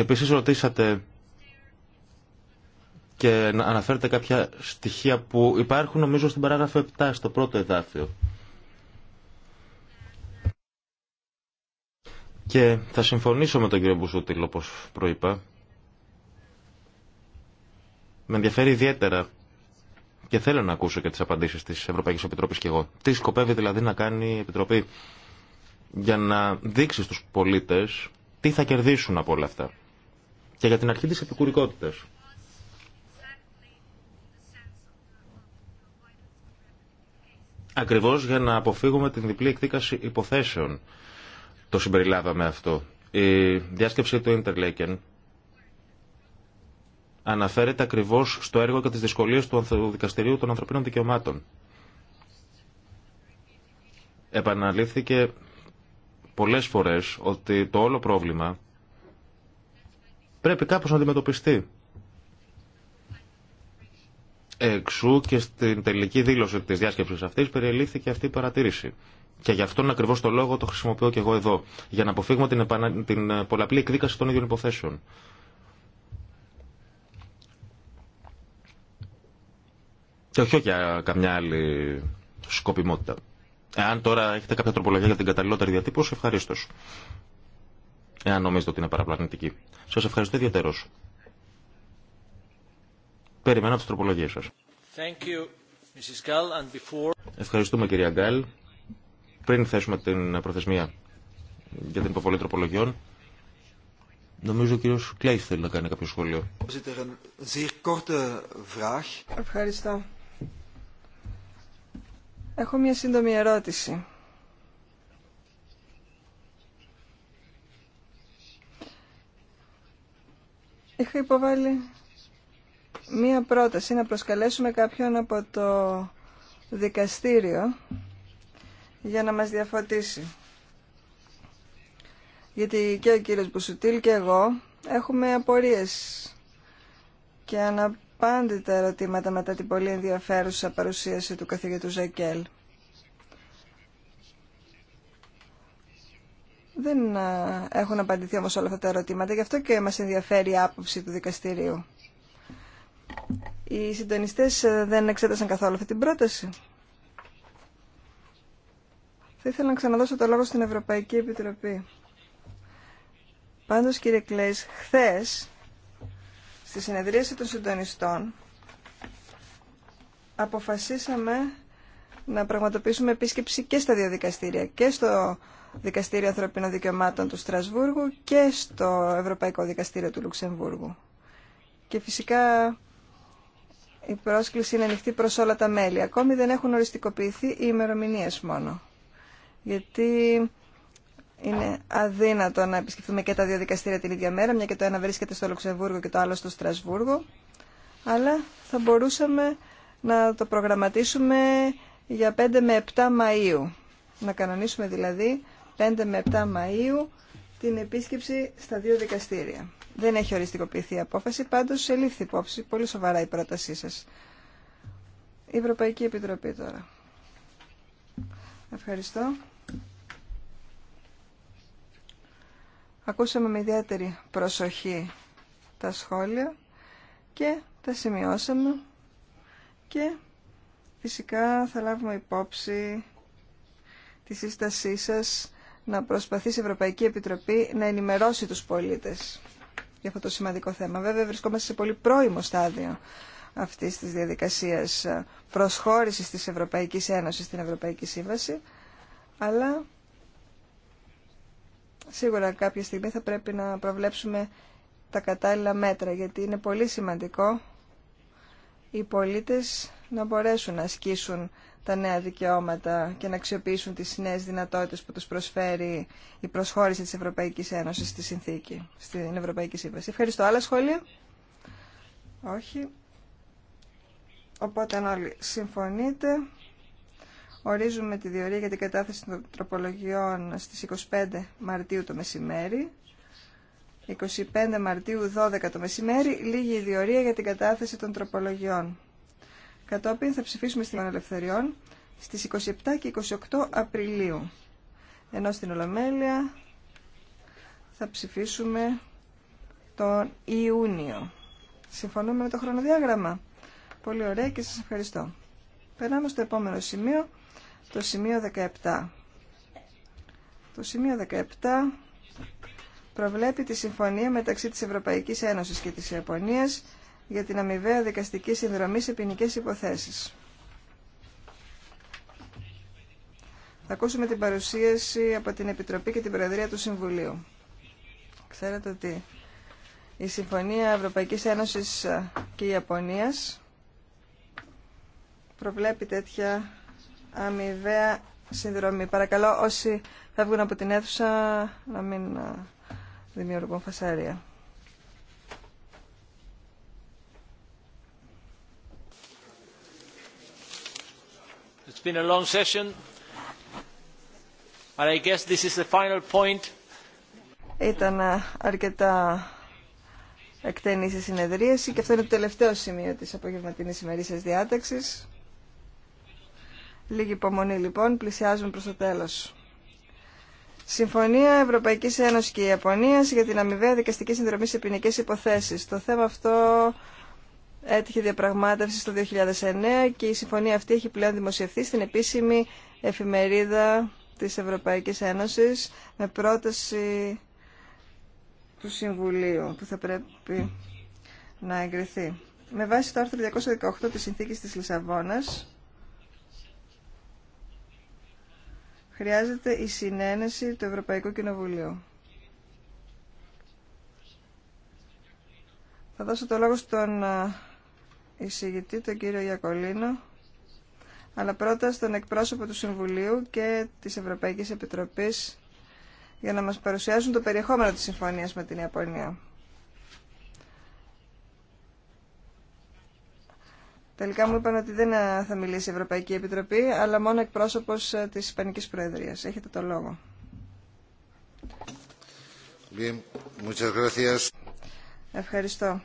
Επίσης ρωτήσατε και αναφέρετε κάποια στοιχεία που υπάρχουν νομίζω στην παράγραφο 7 στο πρώτο εδάφιο. Και θα συμφωνήσω με τον κύριο Μπουσούτιλ όπως προείπα. Με ενδιαφέρει ιδιαίτερα και θέλω να ακούσω και τις απαντήσεις της Ευρωπαϊκής Επιτροπής και εγώ. Τι σκοπεύει δηλαδή να κάνει η Επιτροπή για να δείξει στους πολίτες τι θα κερδίσουν από όλα αυτά και για την αρχή της επικουρικότητας. Ακριβώς για να αποφύγουμε την διπλή εκδίκαση υποθέσεων το συμπεριλάβαμε αυτό. Η διάσκεψη του Interlaken αναφέρεται ακριβώς στο έργο και τις δυσκολίες του Δικαστηρίου των Ανθρωπίνων Δικαιωμάτων. Επαναλήφθηκε πολλές φορές ότι το όλο πρόβλημα πρέπει κάπως να αντιμετωπιστεί. Εξού και στην τελική δήλωση της διάσκεψης αυτής περιελήφθηκε αυτή η παρατήρηση. Και γι' αυτόν ακριβώ το λόγο το χρησιμοποιώ και εγώ εδώ. Για να αποφύγουμε την, την ε, πολλαπλή εκδίκαση των ίδιων υποθέσεων. Και όχι για καμιά άλλη σκοπιμότητα. Εάν τώρα έχετε κάποια τροπολογία για την καταλληλότερη διατύπωση, ευχαρίστω εάν νομίζετε ότι είναι παραπλανητική. Σας ευχαριστώ ιδιαίτερως. Περιμένω τις τροπολογίες σας. before... Ευχαριστούμε κυρία Γκάλ. Πριν θέσουμε την προθεσμία για την υποβολή τροπολογιών, νομίζω ο κύριος Κλέης θέλει να κάνει κάποιο σχόλιο. Ευχαριστώ. Έχω μια σύντομη ερώτηση. είχα υποβάλει μία πρόταση να προσκαλέσουμε κάποιον από το δικαστήριο για να μας διαφωτίσει. Γιατί και ο κύριος Μπουσουτήλ και εγώ έχουμε απορίες και αναπάντητα ερωτήματα μετά την πολύ ενδιαφέρουσα παρουσίαση του καθηγητού Ζακέλ. Δεν ε, έχουν απαντηθεί όμως όλα αυτά τα ερωτήματα, γι' αυτό και μας ενδιαφέρει η άποψη του δικαστηρίου. Οι συντονιστές ε, δεν εξέτασαν καθόλου αυτή την πρόταση. Θα ήθελα να ξαναδώσω το λόγο στην Ευρωπαϊκή Επιτροπή. Πάντως, κύριε Κλέης, χθες, στη συνεδρίαση των συντονιστών, αποφασίσαμε να πραγματοποιήσουμε επίσκεψη και στα δύο δικαστήρια, και στο Δικαστήριο Ανθρωπίνων Δικαιωμάτων του Στρασβούργου και στο Ευρωπαϊκό Δικαστήριο του Λουξεμβούργου. Και φυσικά η πρόσκληση είναι ανοιχτή προς όλα τα μέλη. Ακόμη δεν έχουν οριστικοποιηθεί οι ημερομηνίε μόνο. Γιατί είναι αδύνατο να επισκεφθούμε και τα δύο δικαστήρια την ίδια μέρα, μια και το ένα βρίσκεται στο Λουξεμβούργο και το άλλο στο Στρασβούργο. Αλλά θα μπορούσαμε να το προγραμματίσουμε για 5 με 7 Μαΐου. Να κανονίσουμε δηλαδή 5 με 7 Μαΐου την επίσκεψη στα δύο δικαστήρια. Δεν έχει οριστικοποιηθεί η απόφαση, πάντως λήφθη υπόψη πολύ σοβαρά η πρότασή σας. Η Ευρωπαϊκή Επιτροπή τώρα. Ευχαριστώ. Ακούσαμε με ιδιαίτερη προσοχή τα σχόλια και τα σημειώσαμε και φυσικά θα λάβουμε υπόψη τη σύστασή σας να προσπαθήσει η Ευρωπαϊκή Επιτροπή να ενημερώσει τους πολίτες για αυτό το σημαντικό θέμα. Βέβαια βρισκόμαστε σε πολύ πρώιμο στάδιο αυτής της διαδικασίας προσχώρησης της Ευρωπαϊκής Ένωσης στην Ευρωπαϊκή Σύμβαση, αλλά σίγουρα κάποια στιγμή θα πρέπει να προβλέψουμε τα κατάλληλα μέτρα, γιατί είναι πολύ σημαντικό οι πολίτες να μπορέσουν να ασκήσουν τα νέα δικαιώματα και να αξιοποιήσουν τις νέε δυνατότητες που τους προσφέρει η προσχώρηση της Ευρωπαϊκής Ένωσης στη συνθήκη, στην Ευρωπαϊκή Σύμβαση. Ευχαριστώ. Άλλα σχόλια? Όχι. Οπότε αν όλοι συμφωνείτε, ορίζουμε τη διορία για την κατάθεση των τροπολογιών στις 25 Μαρτίου το μεσημέρι. 25 Μαρτίου 12 το μεσημέρι, λίγη η διορία για την κατάθεση των τροπολογιών. Κατόπιν θα ψηφίσουμε στην Ελευθεριών στις 27 και 28 Απριλίου. Ενώ στην Ολομέλεια θα ψηφίσουμε τον Ιούνιο. Συμφωνούμε με το χρονοδιάγραμμα. Πολύ ωραία και σας ευχαριστώ. Περνάμε στο επόμενο σημείο, το σημείο 17. Το σημείο 17 προβλέπει τη συμφωνία μεταξύ της Ευρωπαϊκής Ένωσης και της Ιαπωνίας για την αμοιβαία δικαστική συνδρομή σε ποινικέ υποθέσεις. Θα ακούσουμε την παρουσίαση από την Επιτροπή και την Προεδρία του Συμβουλίου. Ξέρετε ότι η Συμφωνία Ευρωπαϊκής Ένωσης και Ιαπωνίας προβλέπει τέτοια αμοιβαία συνδρομή. Παρακαλώ όσοι φεύγουν από την αίθουσα να μην ε, δημιουργούν φασαρία. It's been Ήταν αρκετά εκτενής η συνεδρίαση και αυτό είναι το τελευταίο σημείο της απογευματινής ημερήσιας διάταξης. Λίγη υπομονή λοιπόν, πλησιάζουμε προς το τέλος. Συμφωνία Ευρωπαϊκής Ένωσης και Ιαπωνίας για την αμοιβαία δικαστική συνδρομή σε ποινικές υποθέσεις. Το θέμα αυτό έτυχε διαπραγμάτευση το 2009 και η συμφωνία αυτή έχει πλέον δημοσιευθεί στην επίσημη εφημερίδα της Ευρωπαϊκής Ένωσης με πρόταση του Συμβουλίου που θα πρέπει να εγκριθεί. Με βάση το άρθρο 218 της Συνθήκης της Λισαβόνας χρειάζεται η συνένεση του Ευρωπαϊκού Κοινοβουλίου. Θα δώσω το λόγο στον εισηγητή, τον κύριο Γιακολίνο, αλλά πρώτα στον εκπρόσωπο του Συμβουλίου και της Ευρωπαϊκής Επιτροπής για να μας παρουσιάσουν το περιεχόμενο της συμφωνίας με την Ιαπωνία. Τελικά μου είπαν ότι δεν θα μιλήσει η Ευρωπαϊκή Επιτροπή, αλλά μόνο εκπρόσωπος ε, της Ισπανικής Προεδρίας. Έχετε το λόγο. Ευχαριστώ.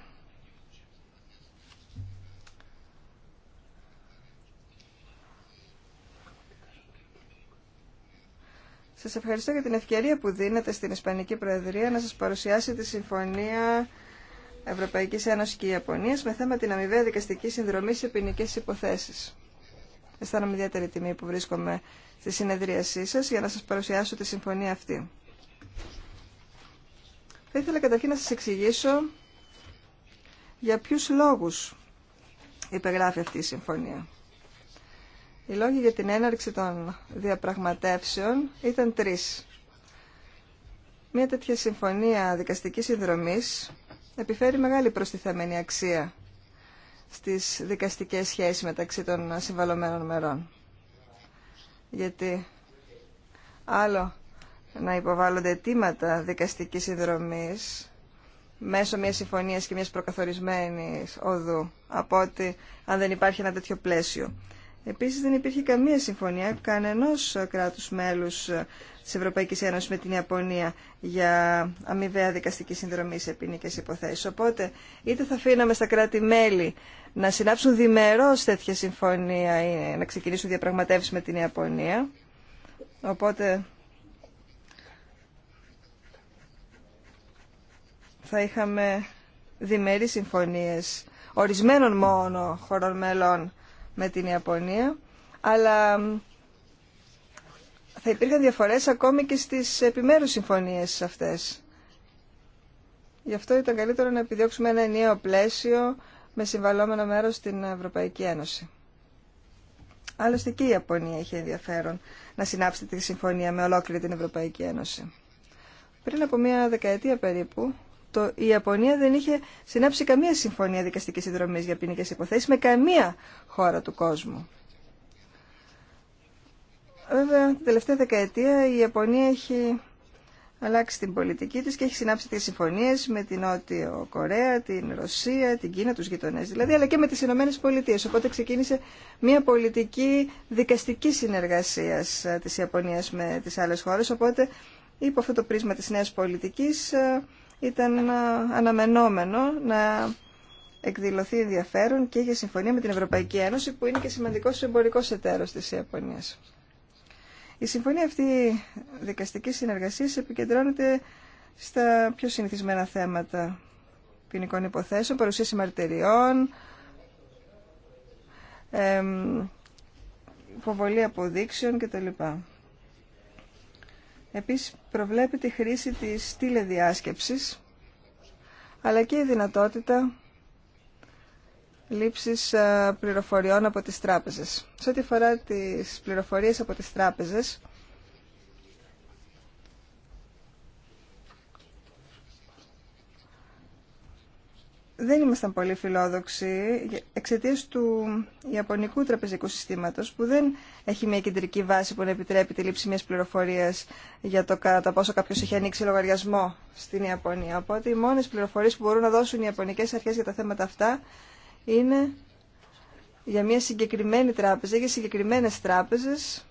Σας ευχαριστώ για την ευκαιρία που δίνετε στην Ισπανική Προεδρία να σας παρουσιάσει τη Συμφωνία Ευρωπαϊκής Ένωσης και Ιαπωνίας με θέμα την αμοιβαία δικαστική συνδρομή σε ποινικέ υποθέσεις. Αισθάνομαι ιδιαίτερη τιμή που βρίσκομαι στη συνεδρίασή σας για να σας παρουσιάσω τη συμφωνία αυτή. Θα ήθελα καταρχήν να σας εξηγήσω για ποιους λόγους υπεγράφει αυτή η συμφωνία. Οι λόγοι για την έναρξη των διαπραγματεύσεων ήταν τρεις. Μία τέτοια συμφωνία δικαστικής συνδρομής επιφέρει μεγάλη προστιθέμενη αξία στις δικαστικές σχέσεις μεταξύ των συμβαλωμένων μερών. Γιατί άλλο να υποβάλλονται αιτήματα δικαστικής συνδρομής μέσω μιας συμφωνίας και μιας προκαθορισμένης οδού από ότι αν δεν υπάρχει ένα τέτοιο πλαίσιο. Επίσης δεν υπήρχε καμία συμφωνία κανενός κράτους μέλους της Ευρωπαϊκής Ένωσης με την Ιαπωνία για αμοιβαία δικαστική συνδρομή σε ποινικές υποθέσεις. Οπότε είτε θα αφήναμε στα κράτη-μέλη να συνάψουν διμερώς τέτοια συμφωνία ή να ξεκινήσουν διαπραγματεύσεις με την Ιαπωνία. Οπότε θα είχαμε διμερείς συμφωνίες ορισμένων μόνο χωρών μελών με την Ιαπωνία, αλλά θα υπήρχαν διαφορές ακόμη και στις επιμέρους συμφωνίες αυτές. Γι' αυτό ήταν καλύτερο να επιδιώξουμε ένα ενιαίο πλαίσιο με συμβαλόμενο μέρος στην Ευρωπαϊκή Ένωση. Άλλωστε και η Ιαπωνία είχε ενδιαφέρον να συνάψει τη συμφωνία με ολόκληρη την Ευρωπαϊκή Ένωση. Πριν από μία δεκαετία περίπου, το, η Ιαπωνία δεν είχε συνάψει καμία συμφωνία δικαστικής συνδρομής για ποινικέ υποθέσεις με καμία χώρα του κόσμου. Βέβαια, την τελευταία δεκαετία η Ιαπωνία έχει αλλάξει την πολιτική της και έχει συνάψει τις συμφωνίες με την Νότιο Κορέα, την Ρωσία, την Κίνα, τους γειτονές δηλαδή, αλλά και με τις Ηνωμένε Πολιτείες. Οπότε ξεκίνησε μια πολιτική δικαστική συνεργασίας ε, της Ιαπωνίας με τις άλλες χώρες, οπότε υπό αυτό το πρίσμα της νέας πολιτικής ε, ήταν ε, αναμενόμενο να εκδηλωθεί ενδιαφέρον και είχε συμφωνία με την Ευρωπαϊκή Ένωση που είναι και σημαντικός εμπορικός εταίρος της Ιαπωνίας. Η συμφωνία αυτή δικαστική συνεργασία επικεντρώνεται στα πιο συνηθισμένα θέματα ποινικών υποθέσεων, παρουσίαση μαρτυριών, υποβολή αποδείξεων κτλ. Επίσης προβλέπει τη χρήση της τηλεδιάσκεψης, αλλά και η δυνατότητα λήψης ε, πληροφοριών από τις τράπεζες. Σε ό,τι αφορά τις πληροφορίες από τις τράπεζες, δεν ήμασταν πολύ φιλόδοξοι εξαιτία του Ιαπωνικού τραπεζικού συστήματος που δεν έχει μια κεντρική βάση που να επιτρέπει τη λήψη μιας πληροφορίας για το κατά πόσο κάποιος έχει ανοίξει λογαριασμό στην Ιαπωνία. Οπότε οι μόνες πληροφορίες που μπορούν να δώσουν οι Ιαπωνικές αρχές για τα θέματα αυτά είναι για μια συγκεκριμένη τράπεζα, για συγκεκριμένες τράπεζες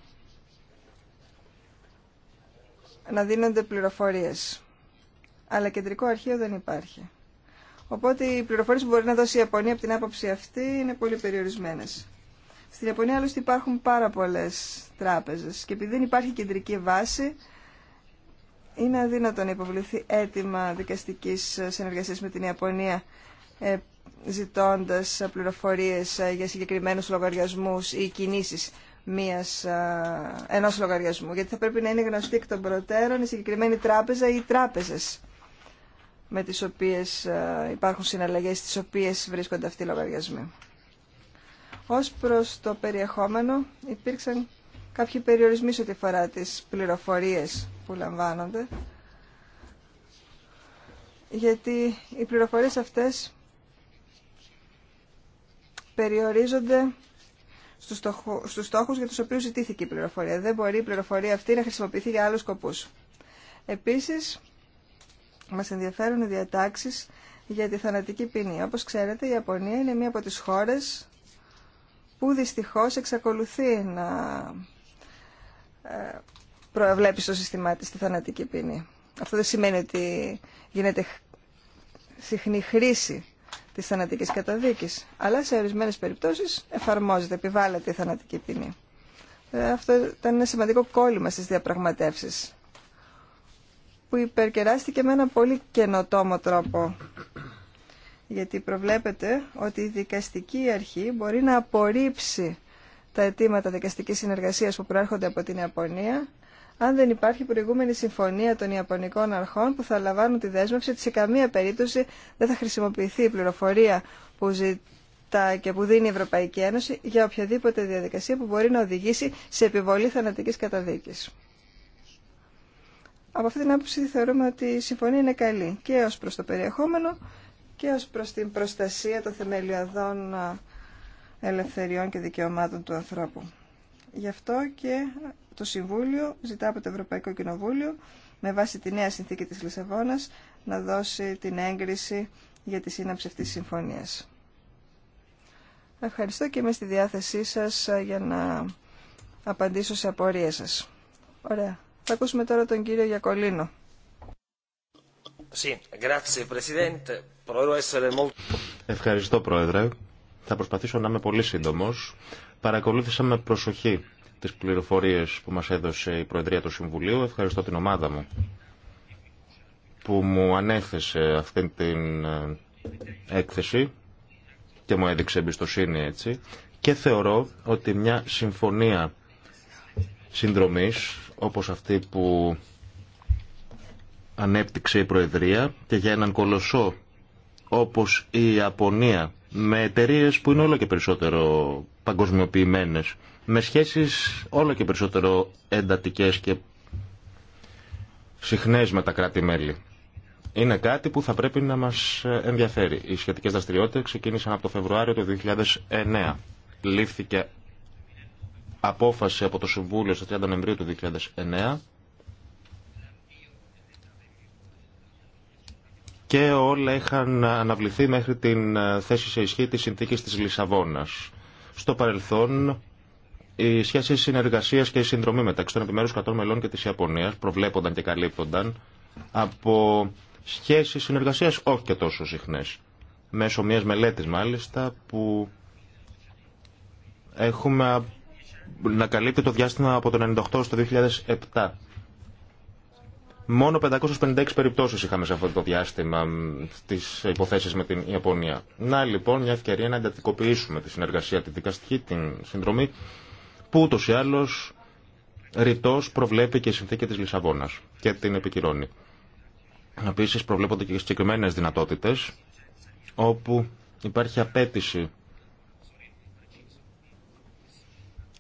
να δίνονται πληροφορίες. Αλλά κεντρικό αρχείο δεν υπάρχει. Οπότε οι πληροφορίε που μπορεί να δώσει η Ιαπωνία από την άποψη αυτή είναι πολύ περιορισμένε. Στην Ιαπωνία άλλωστε υπάρχουν πάρα πολλέ τράπεζε και επειδή δεν υπάρχει κεντρική βάση, είναι αδύνατο να υποβληθεί αίτημα δικαστική συνεργασία με την Ιαπωνία ε, ζητώντα πληροφορίε ε, για συγκεκριμένου λογαριασμού ή κινήσει ενό ενός λογαριασμού, γιατί θα πρέπει να είναι γνωστή εκ των προτέρων η συγκεκριμένη τράπεζα ή τράπεζε με τις οποίες ε, υπάρχουν συναλλαγές, στις οποίες βρίσκονται αυτοί οι λογαριασμοί. Ως προς το περιεχόμενο υπήρξαν κάποιοι περιορισμοί σε ό,τι αφορά τις πληροφορίες που λαμβάνονται, γιατί οι πληροφορίες αυτές περιορίζονται στους, στόχου, στους στόχους για τους οποίους ζητήθηκε η πληροφορία. Δεν μπορεί η πληροφορία αυτή να χρησιμοποιηθεί για άλλους σκοπούς. Επίσης, μας ενδιαφέρουν οι διατάξεις για τη θανατική ποινή. Όπως ξέρετε, η Ιαπωνία είναι μία από τις χώρες που δυστυχώς εξακολουθεί να ε, προεβλέπει στο σύστημά της τη θανατική ποινή. Αυτό δεν σημαίνει ότι γίνεται συχνή χρήση της θανατικής καταδίκης, αλλά σε ορισμένες περιπτώσεις εφαρμόζεται, επιβάλλεται η θανατική ποινή. Ε, αυτό ήταν ένα σημαντικό κόλλημα στις διαπραγματεύσεις που υπερκεράστηκε με ένα πολύ καινοτόμο τρόπο. Γιατί προβλέπεται ότι η δικαστική αρχή μπορεί να απορρίψει τα αιτήματα δικαστικής συνεργασίας που προέρχονται από την Ιαπωνία αν δεν υπάρχει προηγούμενη συμφωνία των Ιαπωνικών αρχών που θα λαμβάνουν τη δέσμευση ότι σε καμία περίπτωση δεν θα χρησιμοποιηθεί η πληροφορία που ζητά και που δίνει η Ευρωπαϊκή Ένωση για οποιαδήποτε διαδικασία που μπορεί να οδηγήσει σε επιβολή θανατικής καταδίκης. Από αυτή την άποψη θεωρούμε ότι η συμφωνία είναι καλή και ως προς το περιεχόμενο και ως προς την προστασία των θεμελιωδών ελευθεριών και δικαιωμάτων του ανθρώπου. Γι' αυτό και το Συμβούλιο ζητά από το Ευρωπαϊκό Κοινοβούλιο με βάση τη νέα συνθήκη της Λισαβόνας να δώσει την έγκριση για τη σύναψη αυτής της συμφωνίας. Ευχαριστώ και είμαι στη διάθεσή σας για να απαντήσω σε απορίες σας. Ωραία. Θα ακούσουμε τώρα τον κύριο Γιακολίνο. Ευχαριστώ, Πρόεδρε. Θα προσπαθήσω να είμαι πολύ σύντομο. Παρακολούθησα με προσοχή τι πληροφορίε που μα έδωσε η Προεδρία του Συμβουλίου. Ευχαριστώ την ομάδα μου που μου ανέθεσε αυτή την ε, έκθεση και μου έδειξε εμπιστοσύνη έτσι. Και θεωρώ ότι μια συμφωνία συνδρομής όπως αυτή που ανέπτυξε η Προεδρία και για έναν κολοσσό όπως η Ιαπωνία με εταιρείε που είναι όλο και περισσότερο παγκοσμιοποιημένες με σχέσεις όλο και περισσότερο εντατικές και συχνές με τα κράτη-μέλη. Είναι κάτι που θα πρέπει να μας ενδιαφέρει. Οι σχετικές δραστηριότητες ξεκίνησαν από το Φεβρουάριο του 2009. Λήφθηκε απόφαση από το Συμβούλιο στις 30 Νοεμβρίου του 2009 και όλα είχαν αναβληθεί μέχρι την θέση σε ισχύ της συνθήκης της Λισαβόνας. Στο παρελθόν, οι σχέσεις συνεργασίας και η συνδρομή μεταξύ των επιμέρους κρατών μελών και της Ιαπωνίας προβλέπονταν και καλύπτονταν από σχέσεις συνεργασίας όχι και τόσο συχνέ Μέσω μιας μελέτης μάλιστα που έχουμε να καλύπτει το διάστημα από το 98 στο 2007. Μόνο 556 περιπτώσεις είχαμε σε αυτό το διάστημα στις υποθέσεις με την Ιαπωνία. Να λοιπόν μια ευκαιρία να εντατικοποιήσουμε τη συνεργασία, τη δικαστική, την συνδρομή, που ούτως ή άλλως ρητός προβλέπει και η συνθήκη της Λισαβόνας και την επικυρώνει. Επίση προβλέπονται και συγκεκριμένε δυνατότητες όπου υπάρχει απέτηση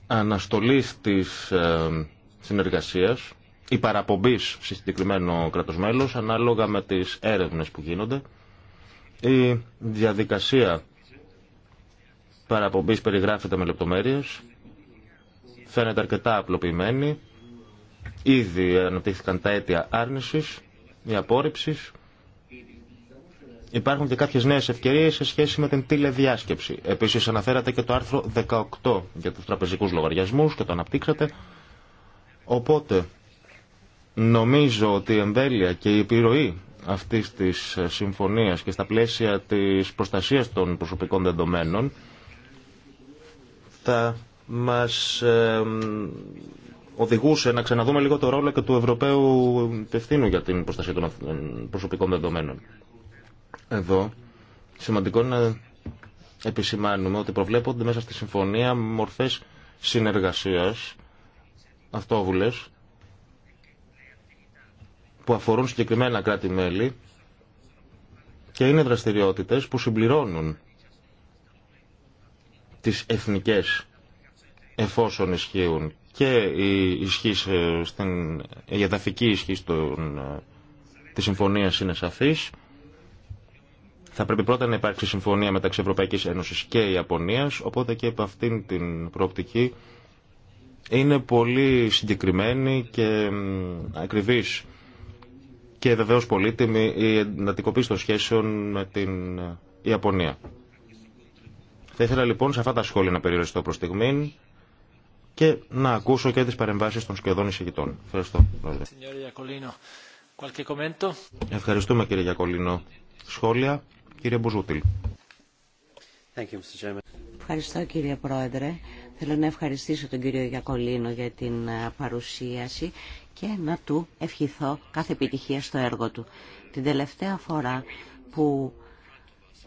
αναστολής της ε, συνεργασίας η παραπομπής σε συγκεκριμένο κράτος μέλος, ανάλογα με τις έρευνες που γίνονται, η διαδικασία παραπομπής περιγράφεται με λεπτομέρειες, φαίνεται αρκετά απλοποιημένη, ήδη αναπτύχθηκαν τα αίτια άρνησης ή απόρριψης, Υπάρχουν και κάποιες νέες ευκαιρίε σε σχέση με την τηλεδιάσκεψη. Επίσης αναφέρατε και το άρθρο 18 για τους τραπεζικούς λογαριασμούς και το αναπτύξατε. Οπότε νομίζω ότι η εμβέλεια και η επιρροή αυτής της συμφωνίας και στα πλαίσια της προστασίας των προσωπικών δεδομένων θα μας οδηγούσε να ξαναδούμε λίγο το ρόλο και του Ευρωπαίου Πευθύνου για την προστασία των προσωπικών δεδομένων. Εδώ σημαντικό είναι να επισημάνουμε ότι προβλέπονται μέσα στη συμφωνία μορφές συνεργασίας αυτόβουλες που αφορούν συγκεκριμένα κράτη-μέλη και είναι δραστηριότητες που συμπληρώνουν τις εθνικές εφόσον ισχύουν και η ισχύ στην η εδαφική ισχύ στον, της συμφωνίας είναι σαφής θα πρέπει πρώτα να υπάρξει συμφωνία μεταξύ Ευρωπαϊκή Ένωση και Ιαπωνίας, οπότε και από αυτήν την προοπτική είναι πολύ συγκεκριμένη και ακριβής και βεβαίω πολύτιμη η εντατικοποίηση των σχέσεων με την Ιαπωνία. Θα ήθελα λοιπόν σε αυτά τα σχόλια να περιοριστώ προ στιγμή και να ακούσω και τι παρεμβάσει των σχεδόν εισηγητών. Ευχαριστώ. Ευχαριστούμε κύριε Γιακολίνο. Σχόλια. Κύριε Μποζούτιλ. Ευχαριστώ κύριε Πρόεδρε. Θέλω να ευχαριστήσω τον κύριο Γιακολίνο για την παρουσίαση και να του ευχηθώ κάθε επιτυχία στο έργο του. Την τελευταία φορά που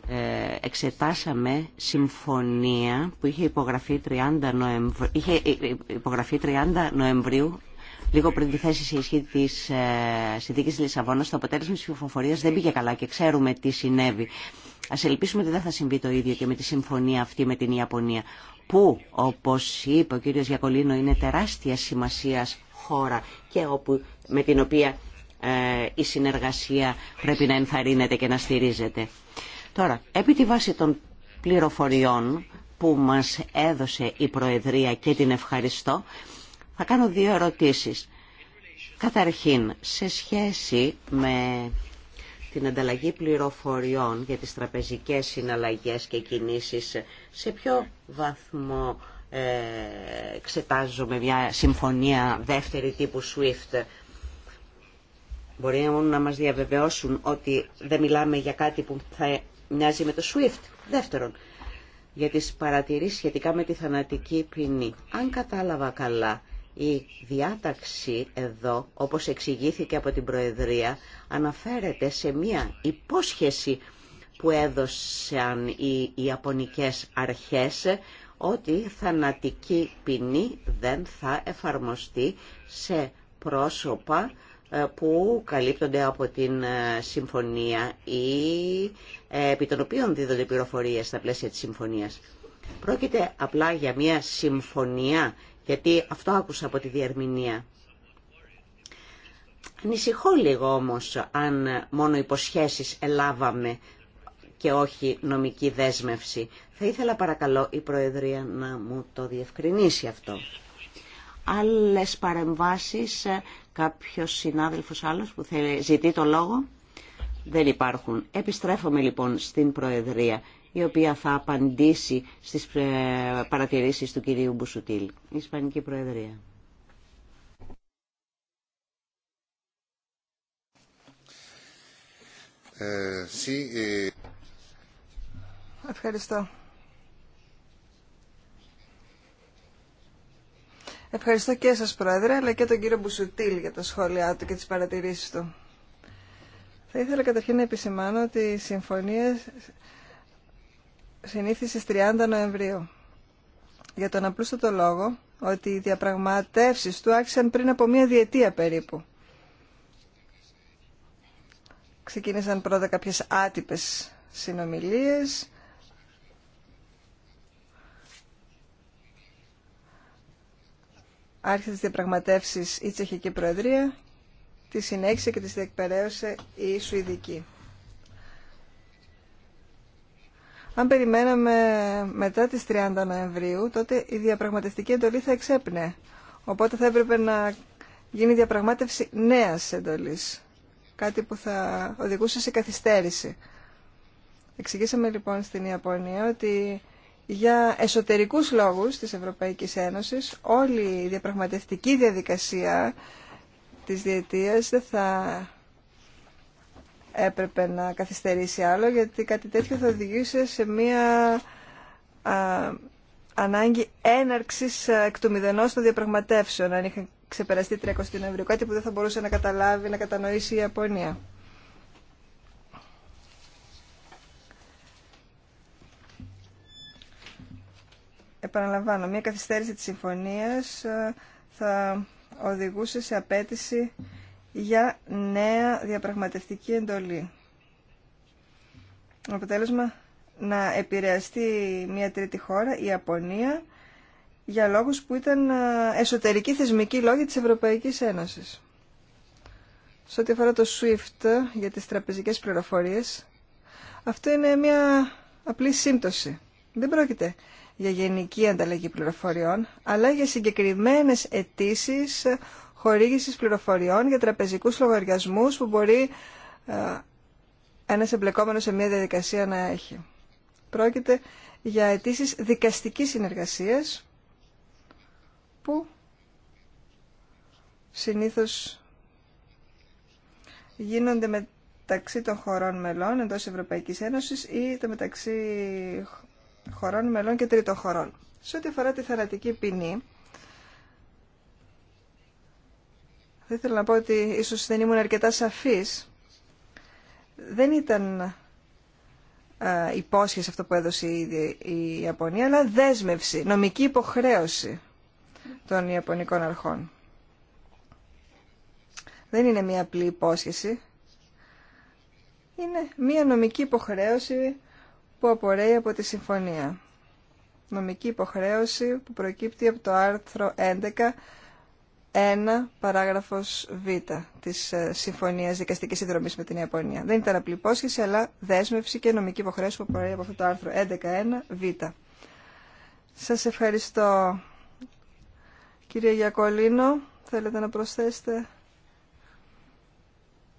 ε, εξετάσαμε συμφωνία που είχε υπογραφεί 30, ε, ε, Νοεμβρίου, είχε υπογραφεί 30 Νοεμβρίου λίγο πριν τη θέση σε ισχύ τη ε, συνθήκη Λισαβόνα, το αποτέλεσμα τη ψηφοφορία δεν πήγε καλά και ξέρουμε τι συνέβη. Α ελπίσουμε ότι δεν θα συμβεί το ίδιο και με τη συμφωνία αυτή με την Ιαπωνία, που, όπω είπε ο κύριο Γιακολίνο, είναι τεράστια σημασία χώρα και όπου, με την οποία ε, η συνεργασία πρέπει να ενθαρρύνεται και να στηρίζεται. Τώρα, επί τη βάση των πληροφοριών που μας έδωσε η Προεδρία και την ευχαριστώ, θα κάνω δύο ερωτήσεις. Καταρχήν, σε σχέση με την ανταλλαγή πληροφοριών για τις τραπεζικές συναλλαγές και κινήσεις, σε ποιο βαθμό ε, εξετάζουμε μια συμφωνία δεύτερη τύπου SWIFT. Μπορεί να μας διαβεβαιώσουν ότι δεν μιλάμε για κάτι που θα μοιάζει με το SWIFT. Δεύτερον, για τις παρατηρήσεις σχετικά με τη θανατική ποινή. Αν κατάλαβα καλά, η διάταξη εδώ, όπως εξηγήθηκε από την Προεδρία, αναφέρεται σε μία υπόσχεση που έδωσαν οι Ιαπωνικές αρχές ότι θανατική ποινή δεν θα εφαρμοστεί σε πρόσωπα ε, που καλύπτονται από την ε, συμφωνία ή ε, επί των οποίων δίδονται πληροφορίες στα πλαίσια της συμφωνίας. Πρόκειται απλά για μια συμφωνία γιατί αυτό άκουσα από τη διερμηνία. Ανησυχώ λίγο όμως αν μόνο υποσχέσεις ελάβαμε και όχι νομική δέσμευση. Θα ήθελα παρακαλώ η Προεδρία να μου το διευκρινίσει αυτό. Άλλες παρεμβάσεις, κάποιος συνάδελφος άλλος που θέλει, ζητεί το λόγο. Δεν υπάρχουν. Επιστρέφομαι λοιπόν στην Προεδρία η οποία θα απαντήσει στις ε, παρατηρήσεις του κυρίου Μπουσουτήλ. Η Ισπανική Προεδρία. Ε, ε. Ευχαριστώ. Ευχαριστώ και σας Πρόεδρε, αλλά και τον κύριο Μπουσουτήλ για τα σχόλιά του και τις παρατηρήσεις του. Θα ήθελα καταρχήν να επισημάνω ότι οι συμφωνίες Συνήθισε 30 Νοεμβρίου. Για τον το λόγο ότι οι διαπραγματεύσεις του άρχισαν πριν από μία διετία περίπου. Ξεκίνησαν πρώτα κάποιες άτυπες συνομιλίες, άρχισε τις διαπραγματεύσεις η Τσεχική Προεδρία, τη συνέχισε και τις διεκπαιρέωσε η Σουηδική. Αν περιμέναμε μετά τις 30 Νοεμβρίου, τότε η διαπραγματευτική εντολή θα εξέπνε. Οπότε θα έπρεπε να γίνει διαπραγμάτευση νέας εντολής. Κάτι που θα οδηγούσε σε καθυστέρηση. Εξηγήσαμε λοιπόν στην Ιαπωνία ότι για εσωτερικούς λόγους της Ευρωπαϊκής Ένωσης όλη η διαπραγματευτική διαδικασία της διετίας δεν θα έπρεπε να καθυστερήσει άλλο, γιατί κάτι τέτοιο θα οδηγούσε σε μία ανάγκη έναρξης εκ του μηδενός των διαπραγματεύσεων, αν είχαν ξεπεραστεί 30 Νοεμβρίου, κάτι που δεν θα μπορούσε να καταλάβει, να κατανοήσει η Ιαπωνία. Επαναλαμβάνω, μία καθυστέρηση της συμφωνίας θα οδηγούσε σε απέτηση για νέα διαπραγματευτική εντολή. Αποτέλεσμα να επηρεαστεί μια τρίτη χώρα, η Ιαπωνία, για λόγους που ήταν εσωτερικοί θεσμικοί λόγοι της Ευρωπαϊκής Ένωσης. Σε ό,τι αφορά το SWIFT για τις τραπεζικές πληροφορίες, αυτό είναι μια απλή σύμπτωση. Δεν πρόκειται για γενική ανταλλαγή πληροφοριών, αλλά για συγκεκριμένες αιτήσει χορήγησης πληροφοριών για τραπεζικούς λογαριασμούς που μπορεί ε, ένας εμπλεκόμενος σε μια διαδικασία να έχει. Πρόκειται για αιτήσει δικαστικής συνεργασίας που συνήθως γίνονται μεταξύ των χωρών μελών εντός Ευρωπαϊκής Ένωσης ή το μεταξύ χωρών μελών και τρίτων χωρών. Σε ό,τι αφορά τη θανατική ποινή, Θα ήθελα να πω ότι ίσως δεν ήμουν αρκετά σαφής. Δεν ήταν α, ε, υπόσχεση αυτό που έδωσε η, η Ιαπωνία, αλλά δέσμευση, νομική υποχρέωση των Ιαπωνικών αρχών. Δεν είναι μία απλή υπόσχεση. Είναι μία νομική υποχρέωση που απορρέει από τη Συμφωνία. Νομική υποχρέωση που προκύπτει από το άρθρο 11 1 παράγραφο Β τη ε, συμφωνία Δικαστική Συνδρομή με την Ιαπωνία. Δεν ήταν απλή υπόσχεση, αλλά δέσμευση και νομική υποχρέωση που απορρέει από αυτό το άρθρο 11.1 Β. Σα ευχαριστώ. Κύριε Γιακολίνο, θέλετε να προσθέσετε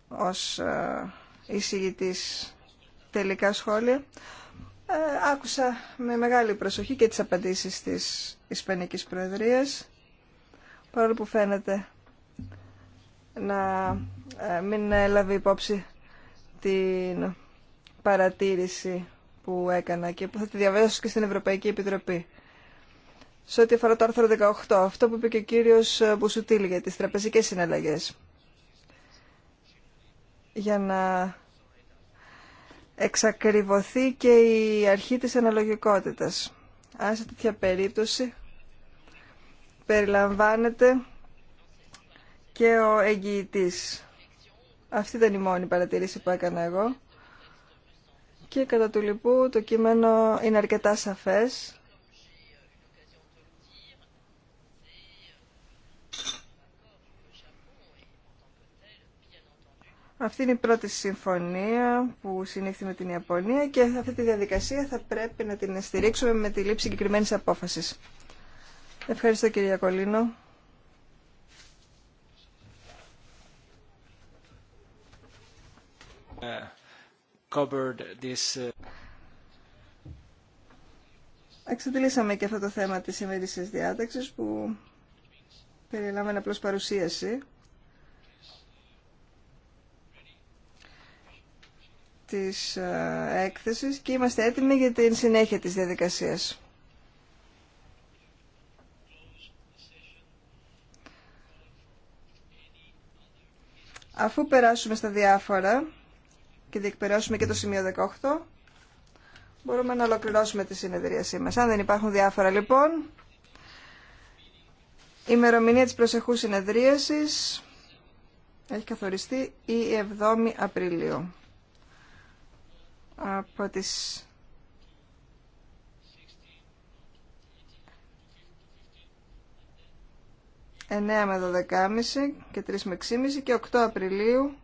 ως ε, εισηγητής τελικά σχόλια. Ε, άκουσα με μεγάλη προσοχή και τις απαντήσεις της Ισπανικής Προεδρίας παρόλο που φαίνεται να ε, μην έλαβε υπόψη την παρατήρηση που έκανα και που θα τη διαβέσω και στην Ευρωπαϊκή Επιτροπή. Σε ό,τι αφορά το άρθρο 18, αυτό που είπε και ο κύριος ε, Μπουσουτήλ για τις τραπεζικές συναλλαγές. Για να εξακριβωθεί και η αρχή της αναλογικότητας. Αν σε τέτοια περίπτωση περιλαμβάνεται και ο εγγυητής. Αυτή ήταν η μόνη παρατήρηση που έκανα εγώ. Και κατά του λοιπού το κείμενο είναι αρκετά σαφές. Αυτή είναι η πρώτη συμφωνία που συνήθει με την Ιαπωνία και αυτή τη διαδικασία θα πρέπει να την στηρίξουμε με τη λήψη συγκεκριμένη απόφαση. Ευχαριστώ κυρία Κολίνο. Uh, Εξαντλήσαμε και αυτό το θέμα της σημερινής διάταξης που περιλάμβανε απλώς παρουσίαση της ε, έκθεσης και είμαστε έτοιμοι για την συνέχεια της διαδικασίας. Αφού περάσουμε στα διάφορα και διεκπαιρεώσουμε και το σημείο 18, μπορούμε να ολοκληρώσουμε τη συνεδρίασή μας. Αν δεν υπάρχουν διάφορα λοιπόν, η ημερομηνία της προσεχούς συνεδρίασης έχει καθοριστεί η 7η Απριλίου από τις 9 με 12.30 και 3 με 6.30 και 8 Απριλίου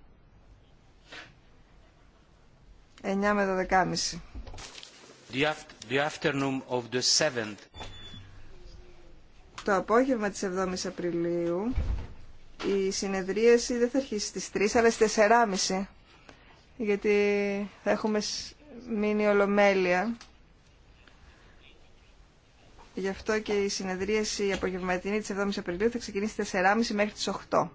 9 με 12.30. The afternoon of the 7 Το απόγευμα της 7ης Απριλίου η συνεδρίαση δεν θα αρχίσει στις 3 αλλά στις 4.30 γιατί θα έχουμε μείνει ολομέλεια Γι' αυτό και η συνεδρίαση απογευματινή της 7ης Απριλίου θα ξεκινήσει 4.30 μέχρι τις 8.